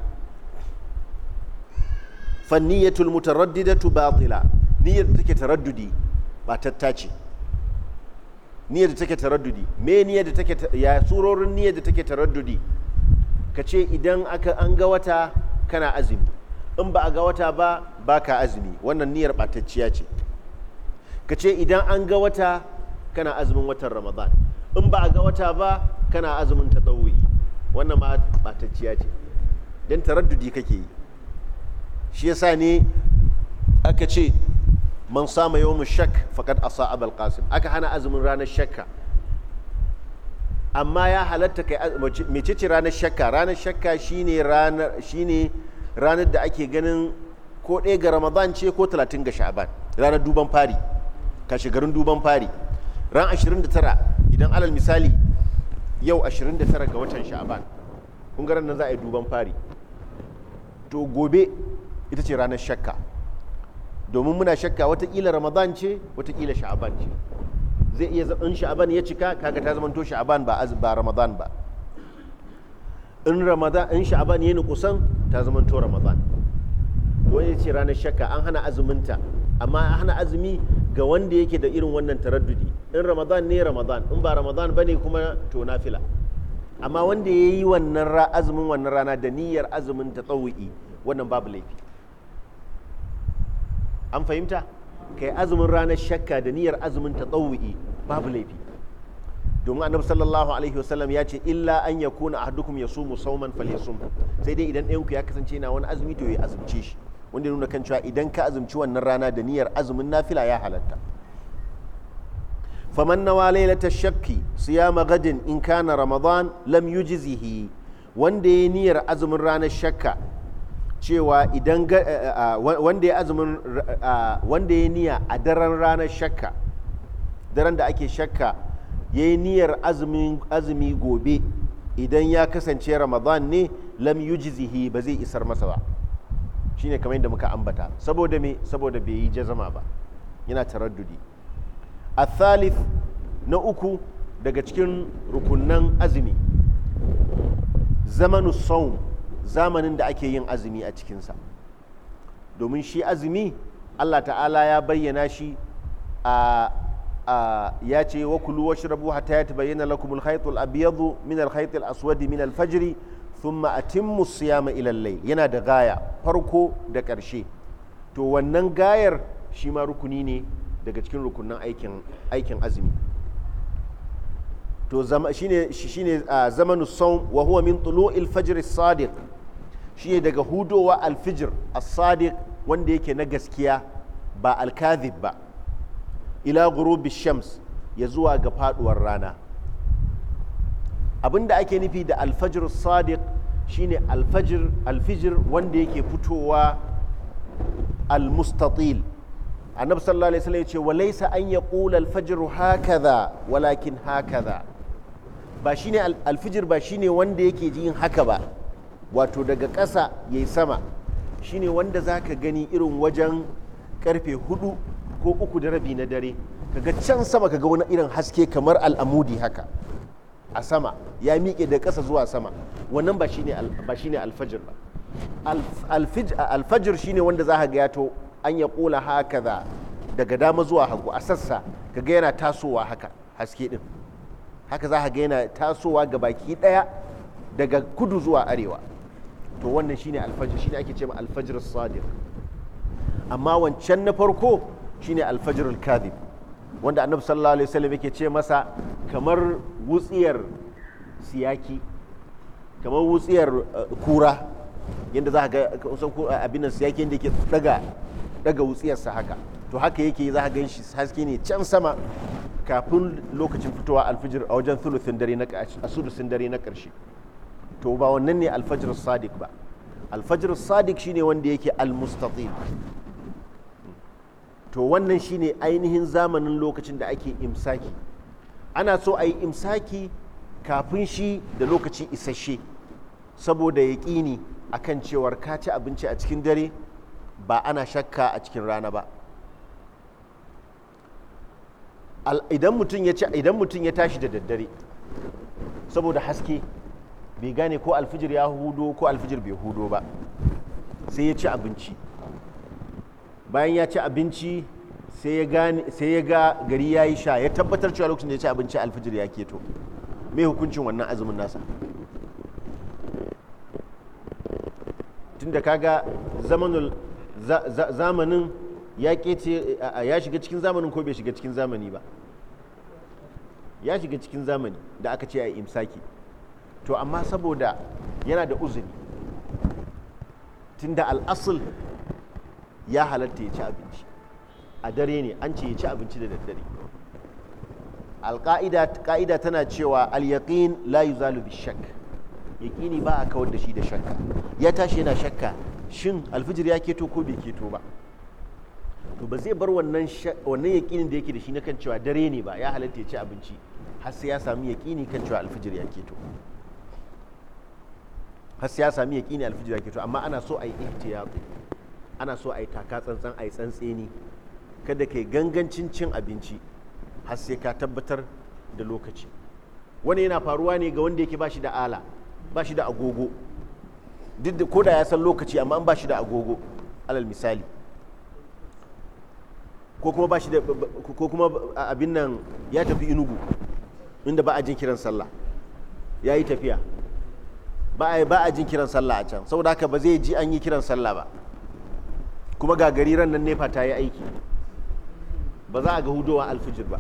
A: fanniyatul mutaraddidatu batila niyyar da take taraddudi ba tattace niyyar da take taraddudi me niyyar da take ya surorin niyyar da take taraddudi ka ce idan aka an ga wata kana azumi in ba a ga wata ba ba ka azumi wannan niyyar batacciya ce ka ce idan an ga wata kana azumin watan ramadan in ba a ga wata ba kana azumin ta wannan ma batacciya ce don taraddudi kake yi shi ya sa ne aka ce man sama mu shak a asa abal qasim aka hana azumin ranar shakka amma ya halatta kai mecece ranar shakka ranar shakka shine ranar shine ranar da ake ganin ko ɗaya ga ramadan ce ko talatin ga sha'aban ranar duban fari ka garin duban fari ran 29 idan alal misali yau 29 ga watan sha'aban kun nan za a yi duban fari to gobe ita ce ranar shakka domin muna shakka watakila ramadan ce watakila sha'aban ce zai iya in sha'aban ya cika kaga ta zamanto sha'aban ba ba ramadan ba in ramadan in sha'aban ya kusan ta zamanto ramadan wani ya ce ranar shakka an hana azuminta amma an hana azumi ga wanda yake da irin wannan taraddudi in ramadan ne ramadan in ba ramadan ba ne kuma to nafila amma wanda ya yi wannan azumin wannan rana da niyyar azumin ta tsawu'i wannan babu laifi an fahimta kai azumin ranar shakka da niyyar azumin ta babu laifi domin annabi sallallahu alaihi wasallam ya ce illa an ya yakuna ahadukum yasumu sauman falyasum sai dai idan ɗayan ya kasance na wani azumi to ya azumce shi wanda ya nuna kan cewa idan ka azumci wannan rana da niyyar azumin nafila ya halatta faman nawa lailatar shakki siyama gadin in kana ramadan lam yujizihi wanda ya niyyar azumin ranar shakka cewa idan eh, eh, ah, wanda ya azumin eh, ah, wanda ya niya a daren ranar shakka daren da ake shakka ya yi niyyar azumi gobe idan ya kasance ramadan ne lam zihi ba zai isar masa ba shine kamar yadda muka ambata saboda me saboda bai yi jazama ba yana taraddudi a thalith na uku daga cikin rukunan azumi zamanu saum zamanin da ake yin azumi a cikinsa domin shi azumi allah ta'ala ya bayyana shi a ya ce wa kulu wa shirabu hatta ya tabayyana lakum al-khaytul abyadu min al aswadi min alfajiri sun thumma atimmu ma ilallai yana da gaya farko da ƙarshe to wannan gayar shi ma rukuni ne daga cikin rukunin aikin aikin azumi to shine shine zamanu sawm wa huwa min tulu'il fajr as-sadiq shine daga hudowa alfijir as-sadiq wanda yake na gaskiya ba alkazib ba ila ghurubi shams ya zuwa ga faduwar rana abinda ake nufi da alfajir sadiq shine alfajir alfijir wanda yake fitowa almustatil annabi sallallahu alaihi wasallam yace walaysa an yaqula alfajr hakaza walakin hakaza ba shine alfijir ba shine wanda yake yin haka ba wato daga ƙasa ya yi sama shine wanda za ka gani irin wajen karfe hudu ko uku da rabi na dare kaga can sama kaga wani irin haske kamar al'amudi haka a sama ya miƙe da ƙasa zuwa sama wannan ba shine alfajir ba alfajir shine wanda za ka ga yato an ya ƙula haka daga dama zuwa hagu a sassa kaga yana tasowa haka haske din haka za ka ga yana tasowa ga baki ɗaya daga kudu zuwa arewa to wannan shine alfajir shine ake cewa alfajir sadiq amma wancan na farko shine alfajir kadhib wanda annabi sallallahu alaihi wasallam yake ce masa kamar wutsiyar siyaki kamar wutsiyar eh, kura yadda za ga kusan eh, abin nan siyaki yadda yake daga daga wutsiyarsa haka to haka yake za ka gan shi haske ne can sama kafin lokacin fitowa alfijir a wajen thuluthin dare na dare na ƙarshe to ba wannan ne alfajir sadiq ba alfajir sadiq shine wanda yake almustatil to wannan shine ainihin zamanin lokacin da ake imsaki ana so a yi imsaki kafin shi da lokaci isasshe saboda ya ƙini a kan cewar ka ci abinci a cikin dare ba ana shakka a cikin rana ba idan mutum ya tashi da daddare saboda haske bai gane ko alfijir ya hudo ko alfijir bai hudo ba sai ya ci abinci bayan ya ci abinci sai ya ga gari ya yi sha ya tabbatar cewa lokacin da ya ci abinci alfijir ya keto mai hukuncin wannan azumin nasa tun da kaga zamanin ya ya shiga cikin zamanin ko bai shiga cikin zamani ba ya shiga cikin zamani da aka ce a imsaki to amma saboda yana da uzuri tunda al'asul ya halatta ya ci abinci a dare ne an ce ya ci abinci da daddare alƙa'ida tana cewa al-yaqin la yuzalu bi shakk yaqini ba a kawar da shi da shakka ya tashi yana shakka shin alfijir ya keto ko bai keto ba to ba zai bar wannan wannan yaqinin da yake da shi na kan cewa dare ne ba ya halatta ya ci abinci har sai ya samu yaqini kan cewa alfijir ya keto har ya sami ya kini alfijir ake to amma ana so a yi ihtiyati ana so a yi taka tsantsan a yi tsantseni kada ka yi gangancin cin abinci har sai ka tabbatar da lokaci wani yana faruwa ne ga wanda yake ba shi da ala ba shi da agogo duk da koda ya san lokaci amma an ba shi da agogo alal misali ko kuma ba shi da ko kuma abin nan ya tafi inugu inda ba a jin kiran sallah ya yi tafiya ba a ba a jin kiran sallah a can saboda haka ba zai ji an yi kiran sallah ba kuma ga gari ran nan nefa ta yi aiki ba za a ga hudowa alfijir ba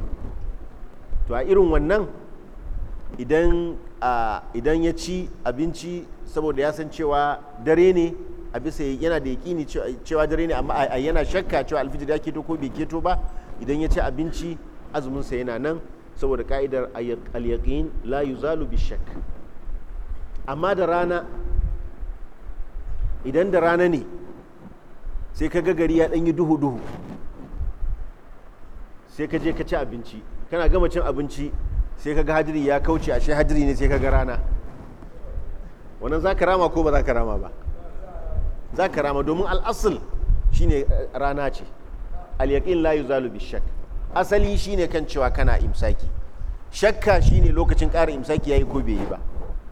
A: to a irin wannan idan ya ci abinci saboda ya san cewa dare ne a bisa yana da yaƙini cewa dare ne amma yana shakka cewa alfijir ya keto ko bai keto ba idan ya ci abinci azuminsa yana nan saboda ka'idar al-yaqin la yuzalu bi shakka amma da rana idan da rana ne sai ka ga gari ya ɗan yi duhu-duhu sai ka je ka ci abinci kana gama cin abinci sai ka ga hadiri ya kauce ashe hadiri ne sai ka ga rana wannan za ka rama ko ba za ka rama ba za ka rama domin al'asul shine eh, rana ce al-yaqin la yuzalu bishak asali shine kan cewa kana imsaki shakka shine lokacin ƙara imsaki yayi ko bai yi ba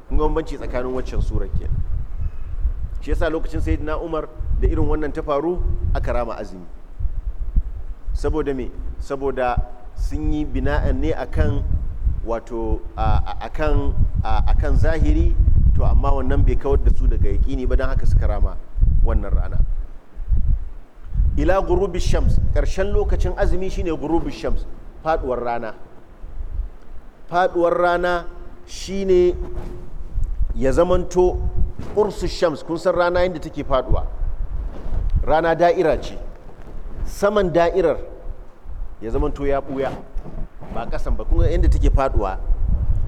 A: kun ga bambanci tsakanin waccan surar ke shi yasa lokacin na Umar da irin wannan ta faru aka rama azumi saboda me saboda sun yi bina'an ne akan wato akan zahiri to amma wannan bai kawar da su daga yaƙini ba don haka suka rama wannan rana ila gurubi shams ƙarshen lokacin azumi shine gurubi shams faduwar rana faduwar rana shine ya zamanto ursu shams kun san rana yadda take faduwa rana da'ira ce saman da'irar ya zamanto ya buya ba kasan ba kun yadda take faduwa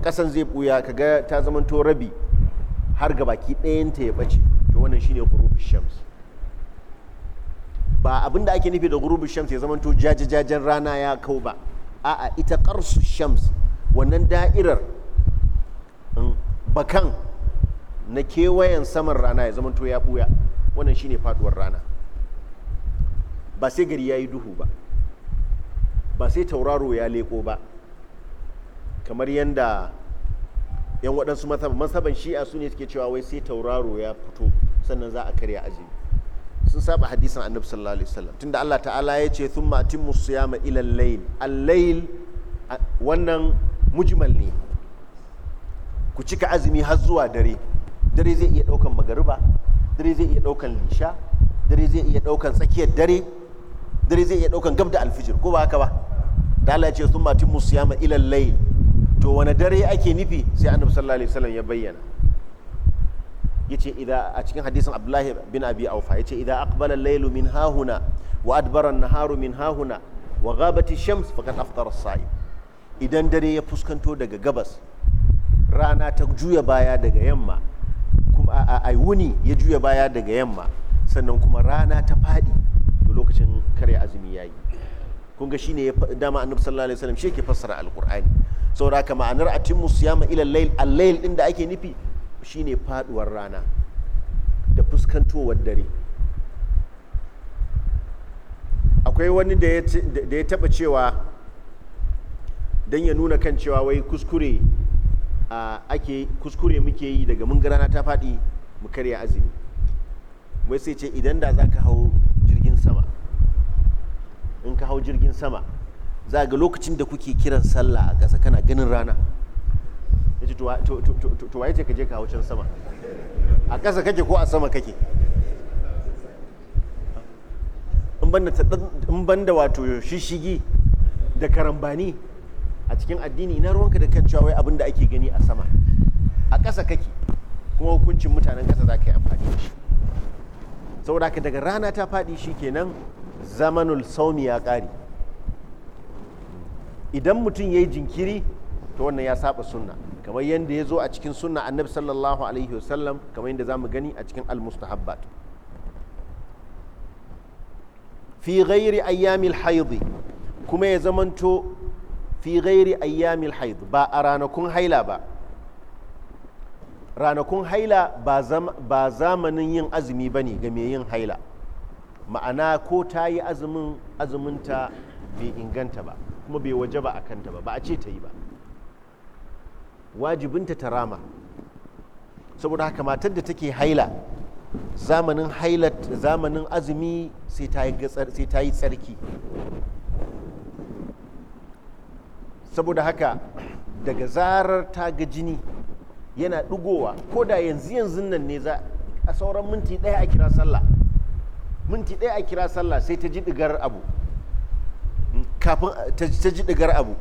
A: kasan zai buya kaga ta zamanto rabi har ga baki ɗayanta ya bace to wannan shine gurubin shams ba abin da ake nufi da gurubin shams ya zamanto jajajajen rana ya kau ba a'a ita karsu shams wannan da'irar mm, bakan na kewayen saman rana ya zamanto ya buya wannan shine faduwar rana ba sai gari ya yi duhu ba ba sai tauraro ya leko ba kamar yadda yan waɗansu masaban shi'a su ne suke cewa wai sai tauraro ya fito sannan za a karya azumi sun saba hadisan annabi sallallahu alaihi wasallam tunda Allah ta'ala ya ce thumma atimmu siyama ila al-layl al-layl wannan mujmal ne ku cika azumi har zuwa dare dare zai iya ɗaukan magariba dare zai iya ɗaukan lisha dare zai iya ɗaukan tsakiyar dare dare zai iya ɗaukan gab da alfijir ko ba haka ba da Allah ya ce sun matin musiyama ila layl to wani dare ake nufi sai annabi sallallahu alaihi wasallam ya bayyana yace idan a cikin hadisin abdullahi bin abi aufa yace idan. aqbala al-laylu min hahuna wa adbara naharu min hahuna wa ghabati shams faqad aftara saim idan dare ya fuskanto daga gabas rana ta juya baya daga yamma a wuni ya juya baya daga yamma sannan kuma rana ta faɗi to lokacin karya azumi yayi kunga shi ne dama annabi sallallahu alaihi wasallam shi yake fassara alqur'ani saboda haka ma'anar atimmu siyama ila layl al-layl din da ake nufi shine faduwar rana da fuskantowar dare akwai wani da ya taba cewa dan ya nuna kan cewa wai kuskure ake kuskure muke yi daga mun rana ta faɗi mu karya azumi wai sai ce idan da za ka hau jirgin sama in ka hau jirgin sama za ga lokacin da kuke kiran sallah a ƙasa kana ganin rana ya ce to ya ce ka je ka hau can sama a ƙasa kake ko a sama kake in banda wato shishigi da karambani a cikin addini na ruwanka da kan cewa wai abin da ake gani a sama a ƙasa kake kuma hukuncin mutanen ƙasa za ka yi amfani da shi saboda ka daga rana ta faɗi shi kenan zamanul saumi ya ƙare idan mutum ya yi jinkiri to wannan ya saba sunna kamar yadda ya zo a cikin sunna annabi sallallahu alaihi wasallam kamar yadda za mu gani a cikin almustahabbat fi ghairi ayyamil haidi kuma ya zamanto fi ghairi ayyamil haid ba a ranakun haila ba ranakun haila ba zamanin yin azumi ba ne game yin haila ma'ana ko ta yi azumin azuminta bai inganta ba kuma bai waje ba a kanta ba ba a ce ta yi ba wajibinta ta rama saboda haka matar da take haila zamanin hailat zamanin azumi sai ta yi tsarki saboda haka daga zarar ta ga jini yana ɗigowa ko da yanzu yanzu nan ne za a sauran minti ɗaya a kira sallah minti ɗaya a kira sallah sai ta ji ɗigar abu kafin ta ji ɗigar abu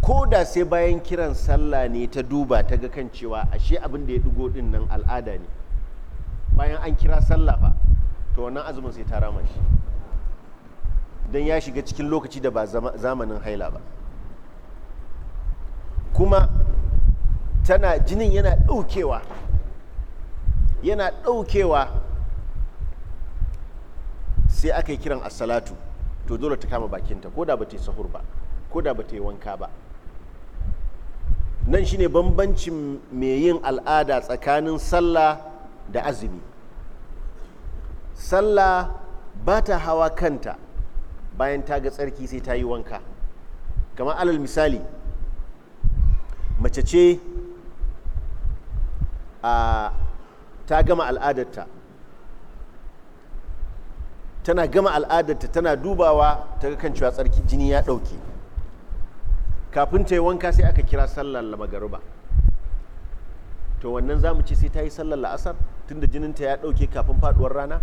A: ko da sai bayan kiran sallah ne ta duba ta ga kan cewa ashe abin da ya ɗigo ɗin nan al'ada ne bayan an kira sallah fa to wannan azumin sai ta rama shi don ya shiga cikin lokaci da ba zamanin haila ba kuma tana jinin yana ɗaukewa yana ɗaukewa sai aka yi kiran asalatu to dole ta kama bakinta ko da ba ta yi sahur ba ko da ba ta yi wanka ba nan shine bambancin mai yin al'ada tsakanin sallah da azumi sallah ba ta hawa kanta bayan ta ga tsarki sai ta yi wanka kamar alal misali mace ce a ta gama al'adarta tana gama al'adarta tana dubawa ta kan cewa tsarki jini ya ɗauke kafin ta yi wanka sai aka kira sallar magaruba to wannan za mu ce sai ta yi sallar la'asar tunda jininta ya ɗauke kafin faɗuwar rana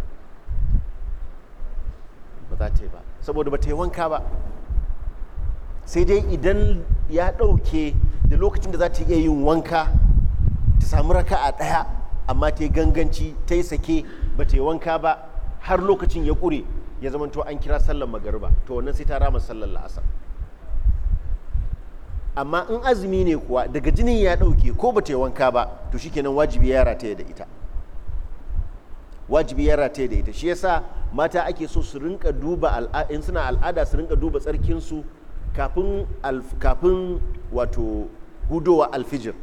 A: ba za ta yi ba saboda ba ta yi wanka ba sai dai idan ya ɗauke da lokacin da za ta iya yin wanka ta samu raka a ɗaya amma ta yi ganganci ta yi sake ba ta yi wanka ba har lokacin ya ƙure ya zama to an kira sallar magariba to wannan sai ta rama sallar la'asar amma in azumi ne kuwa daga jinin ya ɗauke ko ba ta yi wanka ba to shikenan wajibi ya rataya da ita wajibi ya rataya da ita shi yasa mata ake so su rinka duba in suna al'ada su rinka duba tsarkinsu su kafin kafin wato hudowa alfijir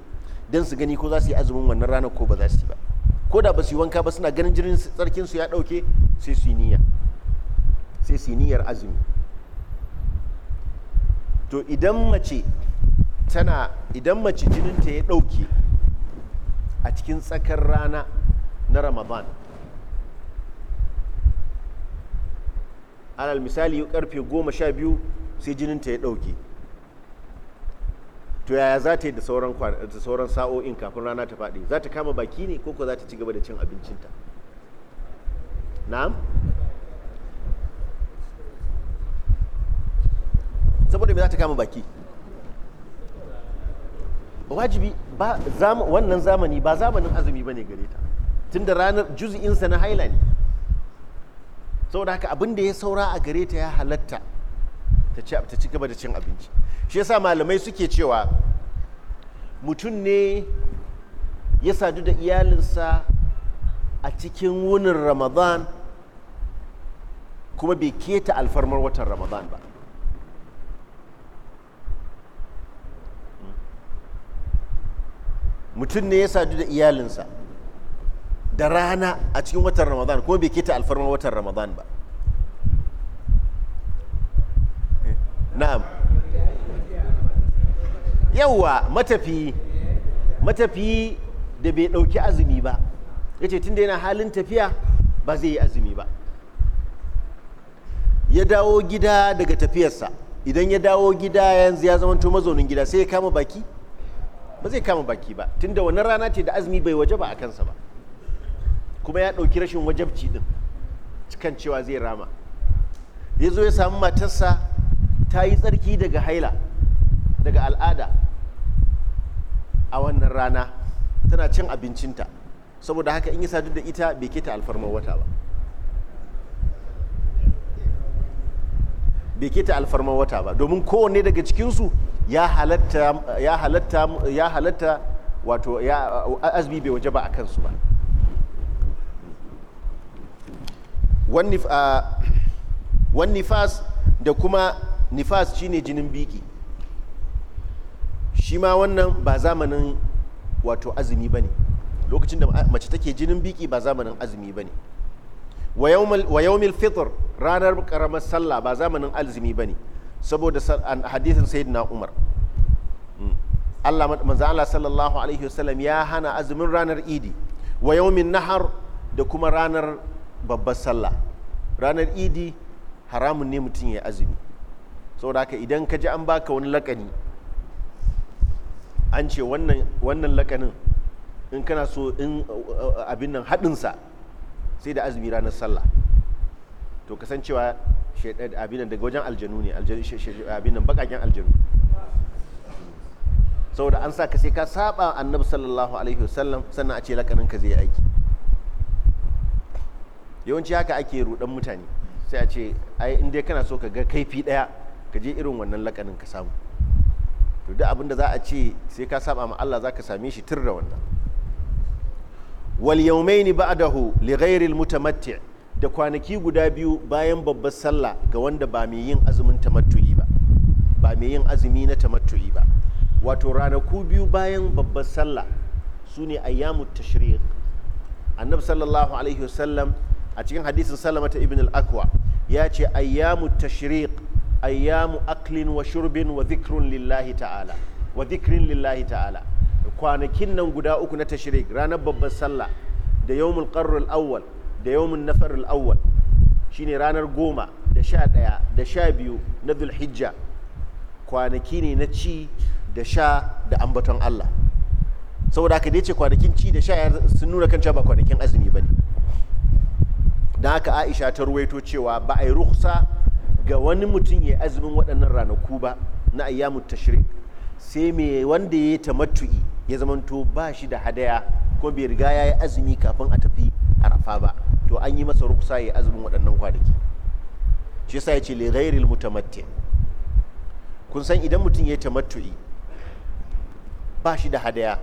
A: don su gani ko za su yi azumin wannan rana ko ba za su yi ba ko da ba su yi wanka ba suna ganin jirin tsarkin su ya dauke sai su yi sai su yi niyyar azumi to idan mace tana idan mace jininta ya dauke a cikin tsakar rana na ramadan alal misali karfe goma sha biyu sai jinin ta ya ɗauke to yaya za ta yi da sauran sa'o'in kafin rana ta faɗi za ta kama baki ne ko ko za ta ci gaba da cin abincinta na'am saboda me za ta kama baki wajibi ba wannan zamani ba zamanin azumi ba ne gare ta tunda ranar juzi'insa na haila ne saboda haka abin da ya saura a gare ta ya halatta ta ci ta ci gaba da cin abinci shi yasa malamai suke cewa mutum ne ya sadu da iyalinsa a cikin wunin ramadan kuma bai keta alfarmar watan ramadan ba mutum ne ya sadu da iyalinsa da rana a cikin watan ramadan kuma bai keta alfarmar watan ramadan ba na'am yawwa matafi matafi da bai dauki azumi ba ya ce tun da yana halin tafiya ba zai yi azumi ba ya dawo gida daga tafiyarsa idan ya dawo gida yanzu ya zama mazaunin gida sai ya kama baki ba zai kama baki ba tun da wani rana ce da azumi bai waje ba a kansa ba kuma ya dauki rashin wajabci din kan cewa zai rama ya zo ya samu matarsa ta yi tsarki daga haila daga al'ada a wannan rana tana cin abincinta saboda haka in yi sadu da ita bai keta wata ba bai keta alfarma wata ba domin kowanne daga cikinsu ya halatta ya halatta wato ya azumi bai waje ba a kansu ba wani fas da kuma nifas shine jinin biki shi ma wannan ba zamanin wato azumi ba ne lokacin da mace take jinin biki ba zamanin azumi ba ne wa yawmil fitr ranar karamar sallah ba zamanin azumi ba ne saboda hadithin sayyidina umar hmm. Allah manzo Allah sallallahu alaihi wasallam ya hana azumin ranar idi wa yawmin nahar da kuma ranar babbar sallah ranar idi haramun ne mutum ya azumi saboda haka idan ka ji an baka wani lakani an ce wannan lakanin in kana so in abin nan haɗinsa sai da azumi ranar sallah to kasancewa abin nan daga wajen aljanu ne abin nan bakaken aljanu saboda an sa ka sai ka saba annabi sallallahu alaihi wasallam sannan a ce lakanin ka zai aiki yawanci haka ake rudan mutane sai a ce ai in dai kana so ka ga kaifi daya ka je irin wannan lakanin ka samu to duk abin da za a ce sai ka saba ma Allah za ka same shi tun da wannan wal yawmaini ba'dahu li ghairi al mutamatti da kwanaki guda biyu bayan babbar sallah ga wanda ba mai yin azumin tamattu'i ba ba mai yin azumi na tamattu'i ba wato ranaku biyu bayan babbar sallah su ne ayyamu tashriq annabi sallallahu alaihi wasallam a cikin hadisin salama ta ibn al-akwa ya ce ayyamu tashriq ayyamu aklin wa shurbin wa dhikrun lillahi ta'ala wa dhikrin lillahi ta'ala kwanakin nan guda uku na tashrik ranar babbar sallah da yawmul qarrul awwal da yawmun nafarul awwal shine ranar goma da sha ɗaya da sha biyu na dhulhijja kwanaki ne na ci da sha da ambaton Allah saboda haka dai ce kwanakin ci da sha sun nuna kan cewa ba kwanakin azumi ba ne don haka aisha ta ruwaito cewa ba a yi rukhsa ga wani mutum ya azumin waɗannan ranaku ba na ayyamu tashrik sai me wanda ya yi ta matu'i ya zamanto ba shi da hadaya ko bai riga ya yi azumi kafin a tafi arafa ba to an yi masa ruksa ya azumin waɗannan kwanaki shi sa ya ce le ghairil mutamatti kun san idan mutum ya ta matu'i ba shi da hadaya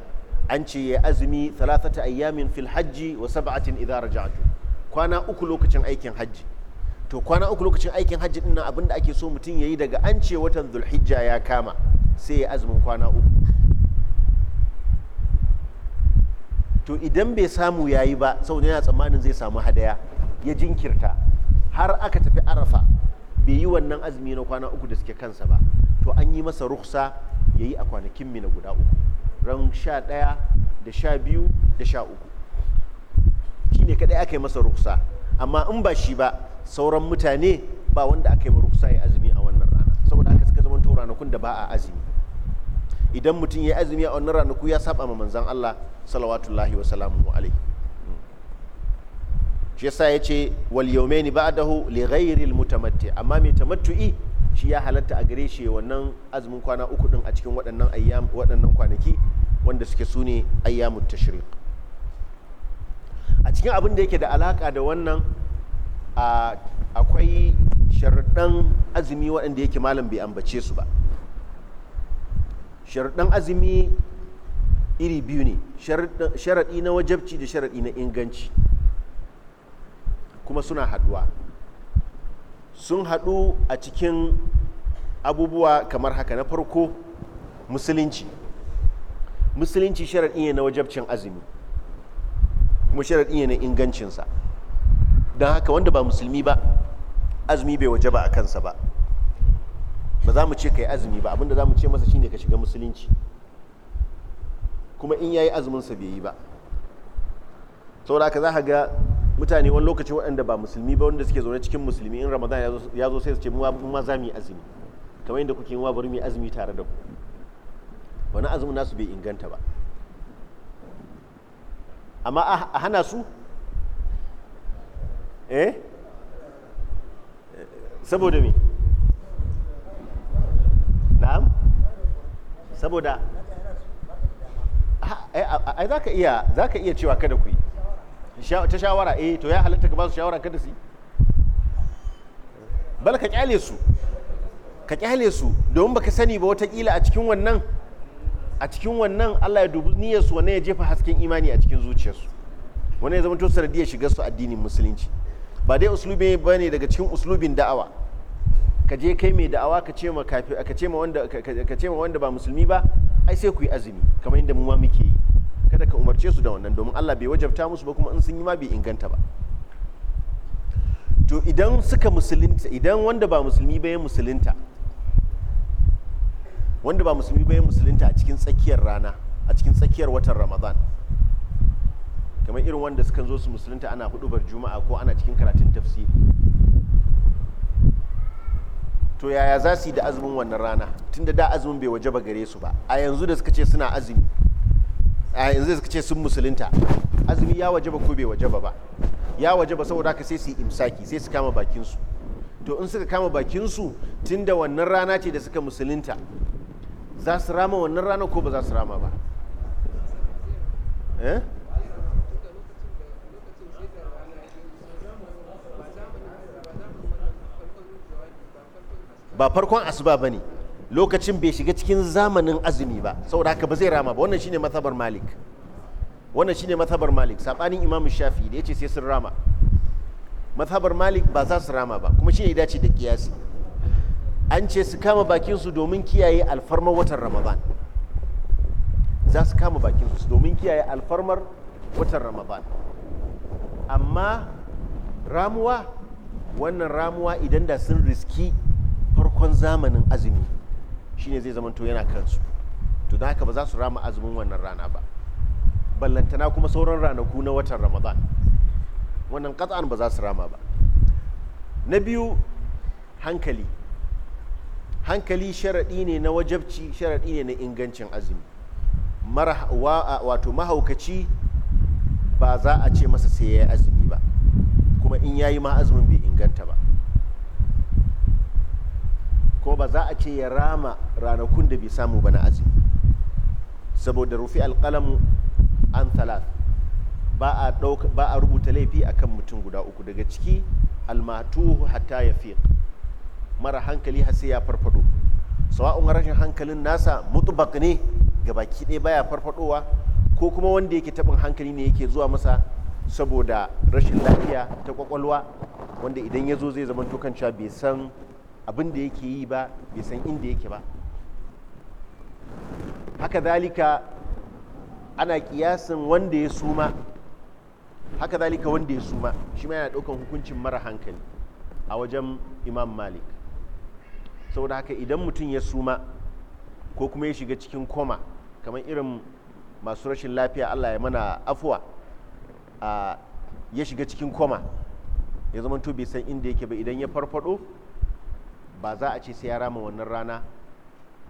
A: an ce ya azumi salasata ayyamin filhajji hajji wa sab'atin idza raja'tu kwana uku lokacin aikin hajji to kwana uku lokacin aikin hajji dinnan abin da ake so mutum yayi daga an ce watan zulhijja ya kama sai ya azumin kwana uku to idan bai samu yayi ba sau yana tsammanin zai samu hadaya ya jinkirta har aka tafi arafa bai yi wannan azumi na kwana uku da suke kansa ba to an yi masa ruksa ya yi a kwanakin mina guda uku ran sha ɗaya da sha biyu da sha uku shi ne kaɗai aka yi masa ruksa amma in ba shi ba sauran mutane ba wanda aka yi marukusa ya azumi a wannan rana saboda haka suka zama ranakun da ba a azumi idan mutum ya azumi a wannan ranaku ya saba ma manzan Allah salawatullahi wa salamu alaihi shi yasa ya ce wal yawmaini ba'dahu li ghairi al mutamatti amma mai tamattu'i shi ya halatta a gare shi wannan azumin kwana uku din a cikin waɗannan ayyam waɗannan kwanaki wanda suke sune ayyamut tashriq a cikin abin da yake da alaka da wannan akwai sharɗan azumi waɗanda yake malam bai ambace su ba sharuɗan azumi iri biyu ne sharaɗi na wajabci da sharaɗi na inganci kuma suna haɗuwa sun haɗu a cikin abubuwa kamar haka na farko musulunci musulunci sharaɗi ne na wajabcin azumi kuma sharaɗi ne na ingancinsa don haka wanda ba musulmi ba azumi bai waje ba a kansa ba ba za mu ce ka yi azumi ba abinda za mu ce masa shine ka shiga musulunci kuma in ya yi azuminsa bai yi ba saboda ka za ka ga mutane wani lokacin waɗanda ba musulmi ba wanda suke zaune cikin musulmi in ramadan ya zo sai su ce mu ma za mu yi azumi kamar yadda kuke wa bari mu yi azumi tare da ku wani azumin nasu bai inganta ba amma a hana su eh saboda me na'am saboda eh, ai za ka iya za ka iya cewa kada ku yi ta shawara eh to ya halatta ka ba su shawara kada su yi bala ka kyale su ka kyale su domin baka sani ba watakila a cikin wannan a cikin wannan Allah ya dubi su wannan ya jefa hasken imani a cikin zuciyarsu wannan ya zama to sanadiyar shigar su addinin musulunci ba dai uslubi ba ne daga cikin uslubin da'awa ka je kai mai da'awa ka ce ma wanda ba musulmi ba ai sai ku yi azumi kamar yadda mu ma muke yi kada ka umarce su da wannan domin Allah bai wajabta musu ba kuma in sun yi ma bai inganta ba to idan suka musulunta idan wanda ba musulmi ba ya musulunta wanda ba musulmi ba ya musulunta a cikin tsakiyar rana a cikin tsakiyar watan Ramadan kamar irin wanda suka zo su musulunta ana bar juma'a ko ana cikin karatun tafsiri to yaya za su yi da azumin wannan rana tunda da azumin bai waje ba gare su ba a yanzu da suka ce suna azumi a yanzu da suka ce sun musulunta azumi ya waje ba ko bai waje ba ya waje ba saboda haka sai su yi imsaki sai su kama bakin su to in suka kama bakin tun tunda wannan rana ce da suka musulunta za su rama wannan rana ko ba za su rama ba eh ba farkon asuba ba ne lokacin bai shiga cikin zamanin azumi ba saboda haka ba zai rama ba wannan shine mazhabar malik wannan shine mazhabar malik sabanin imam shafi da yace sai sun rama mazhabar malik ba za su rama ba kuma shine ya dace da kiyasi an ce su kama bakin su domin kiyaye alfarmar watan ramadan za su kama bakin su domin kiyaye alfarmar watan ramadan amma ramuwa wannan ramuwa idan da sun riski farkon zamanin azumi shine zai zamanto yana kansu to da haka ba za su rama azumin wannan rana ba ballantana kuma sauran ranaku na watan ramadan wannan katsan ba za su rama ba na biyu hankali hankali sharaɗi ne na wajabci sharaɗi ne na ingancin azumi wato mahaukaci ba za a ce masa sai ya yi azumi ba kuma in ya yi ma azumin bai inganta ba ba za a ce ya rama ranakun da bai samu ba na azumi saboda rufi alkalamu an talat ba a rubuta ba a rubuta mutum guda uku daga ciki almatuhu hatta ya fiq mara hankali har sai ya farfado sawa'un rashin hankalin nasa mutubak ne ga baki ɗaya baya farfadowa ko kuma wanda yake taɓin hankali ne yake zuwa masa saboda rashin lafiya ta kwakwalwa wanda idan ya zo zai zama tukanca bai san abin da yake yi ba bai san inda yake ba haka zalika ana kiyasin wanda ya suma haka zalika wanda ya suma shi ma yana ɗaukan hukuncin mara hankali a wajen imam malik saboda haka idan mutum ya suma ko kuma ya shiga cikin koma kamar irin masu rashin lafiya allah ya mana afuwa ya shiga cikin koma ya zama to bai san inda yake ba idan ya farfado ba za a ce sai ya rama wannan rana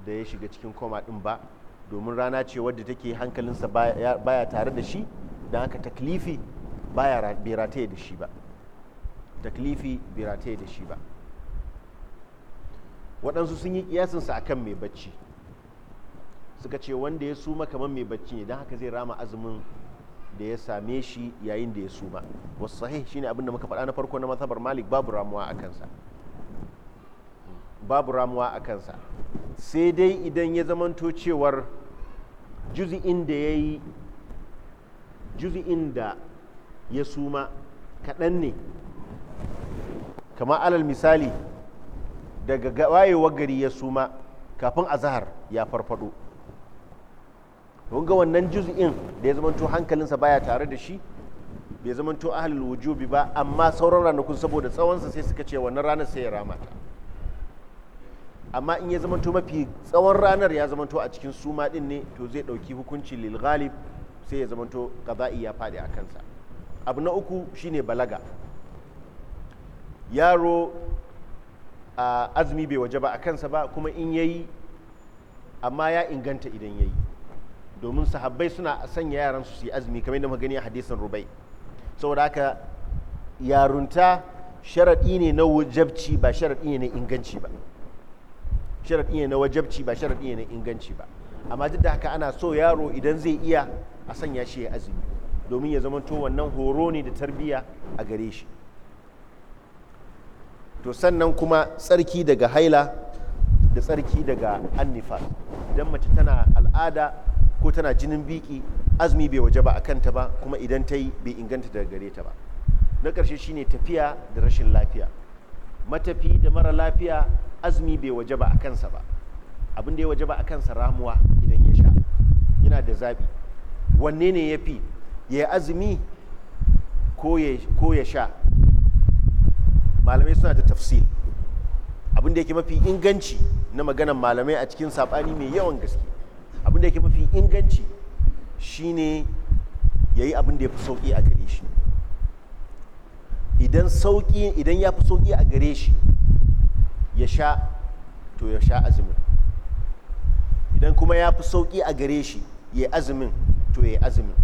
A: da ya shiga cikin koma din ba domin rana ce wadda take hankalinsa baya tare da shi don haka taklifi baya bai da shi ba taklifi da shi ba waɗansu sun yi kiyasinsa a kan mai bacci suka ce wanda ya suma kamar mai bacci ne don haka zai rama azumin da ya same shi yayin da ya suma wasu sahih shine abinda muka faɗa na farko na mazhabar malik babu ramuwa a kansa babu ramuwa a kansa sai dai idan ya zamanto cewar juzi'in da ya yi juzi'in da ya suma kaɗan ne kama alal misali daga wayewar gari ya suma kafin azahar ya farfado ga wannan juzi'in da ya zamanto hankalinsa baya tare da shi bai zamanto ahalil wujubi ba amma sauran ranakun saboda tsawonsa sai suka ce wannan ranar sai ya ramata amma in ya zamanto mafi tsawon ranar ya zamanto a cikin suma din ne to zai ɗauki hukunci lil ghalib sai ya zamanto qada'i ya faɗi a kansa abu na uku shine balaga yaro a azumi bai waje ba a kansa ba kuma in yayi amma ya inganta idan yayi domin sahabbai suna sanya yaran su yi azumi kamar yadda muka gani a hadisin rubai saboda haka yarunta sharaɗi ne na wajabci ba sharaɗi ne na inganci ba sharaɗi ne na wajabci ba sharaɗi ne na inganci ba amma duk da haka ana so yaro idan zai iya a sanya shi ya azumi domin ya zama to wannan horo ne da tarbiyya a gare shi to sannan kuma tsarki daga haila da tsarki daga annifa idan mace tana al'ada ko tana jinin biki azumi bai waje ba a kanta ba kuma idan ta yi bai inganta daga gare ta ba na ƙarshe shine tafiya da rashin lafiya matafi da mara lafiya azumi bai waje ba a kansa ba abin da ya waje ba a kansa ramuwa idan ya sha yana da zabi wanne ne ya fi ya azumi ko ya sha malamai suna da tafsil abin da yake mafi inganci na maganan malamai a cikin saɓani mai yawan gaske abin da yake mafi inganci shine ya yi abin da ya fi sauƙi a gare shi idan sauƙi idan ya fi sauƙi a gare shi ya sha to ya sha azumin idan kuma ya fi sauƙi a gare shi ya azumin to ya azumin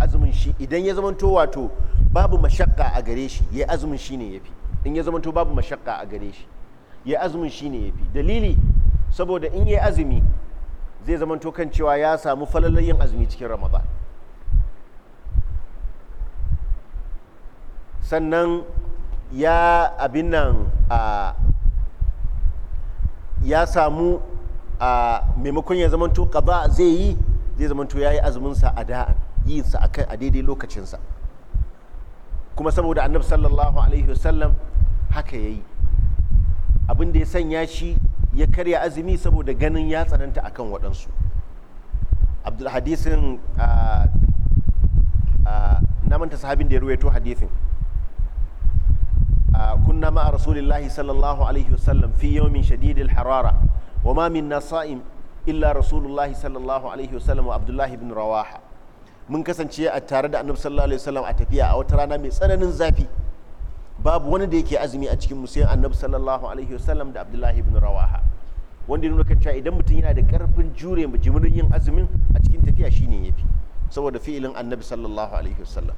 A: azumin shi idan ya zamanto wato babu mashakka a gare shi ya azumin shi ne ya fi in ya zamanto babu mashakka a gare shi ya azumin shi ne ya fi dalili saboda in ya azumi zai zamanto kan cewa ya samu falalar yin azumi cikin ramadan sannan ya abin nan ya samu a maimakon ya zamanto ba zai yi zai zamanto ya yi azuminsa a da'an yi sa a daidai lokacinsa kuma saboda annabi sallallahu alaihi wasallam haka ya yi abin da ya sanya shi ya karya azumi saboda ganin ya tsananta akan waɗansu abdulhadisin na manta sahabin da ya ruwaito hadisin kunnama ma'a rasulillahi sallallahu alaihi wasallam fi yawmin shadidil harara wa ma minna sa'im illa rasulullahi sallallahu alaihi wasallam wa abdullahi ibn rawaha mun kasance a tare da annabi sallallahu alaihi الله a tafiya a wata rana mai tsananin zafi babu wani da yake azumi a cikin صلى الله sallallahu alaihi دا da الله ibn rawaha wanda ya nuna cewa idan mutum yana da karfin jure jimin yin azumin a cikin tafiya shine yafi saboda fi'ilin annabi sallallahu alaihi wasallam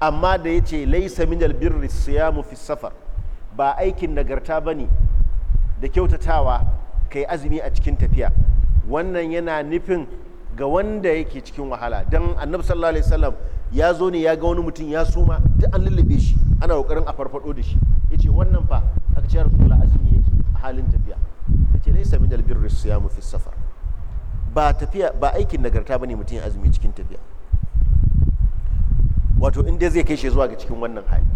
A: amma da yace laysa min albirri siyamu fi safar ba aikin nagarta ba ne da kyautatawa ka yi azumi a cikin tafiya wannan yana nufin ga wanda yake cikin wahala don annabi sallallahu alaihi wasallam ya zo ne ya ga wani mutum ya suma duk an lullube shi ana kokarin a farfado da shi yace wannan fa aka ce rasulullah azumi yake a halin tafiya yace laysa min albirri siyamu fi safar ba tafiya ba aikin nagarta bane mutum ya azumi cikin tafiya wato in dai zai kai shi zuwa ga cikin wannan hali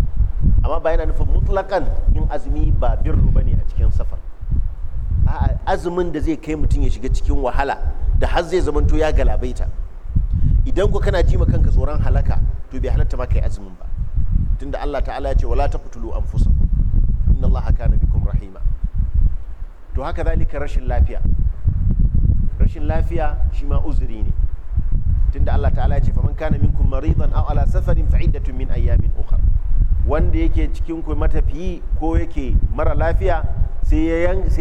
A: amma ba yana nufin mutlakan yin azumi ba birru ne a cikin safar a azumin da zai kai mutum ya shiga cikin wahala da har zai zamanto ya galabaita idan ku kana ji kanka tsoron halaka to bai halatta ma kai azumin ba tunda Allah ta'ala ya ce wala taqtulu anfusakum inna Allah kana bikum rahima to haka zalika rashin lafiya rashin lafiya shi ma uzuri ne tunda Allah ta'ala ya ce faman kana minkum maridan aw ala safarin fa'iddatun min ayyamin ukhra wanda yake cikin ku matafiyi ko yake mara lafiya sai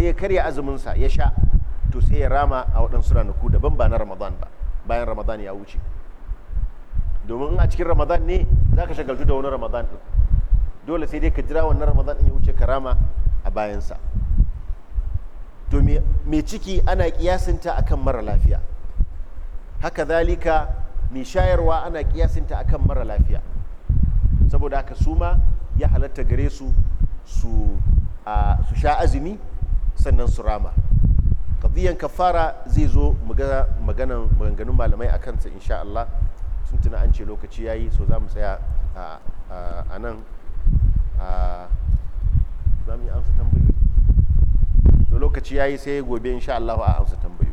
A: ya karya azuminsa ya sha to sai ya rama a waɗansu ranaku daban ba na ramadan ba bayan ramadan ya wuce domin a cikin ramadan ne za ka shagaltu da wani ramadan ɗin dole sai dai ka jira wannan ramadan ɗin ya wuce ka rama a bayansa to mai ciki ana kiyasinta akan mara lafiya haka zalika mai shayarwa ana kiyasinta akan mara lafiya saboda haka su ma ya halatta gare su su sha azumi sannan su rama ƙaddiyan kafara zai zo maganan maganganun malamai a kansa insha Allah sun tuna an ce lokaci yayi so za mu tsaya a nan za mu yi amsa tambayi so lokaci yayi sai gobe insha Allah a amsa tambayi.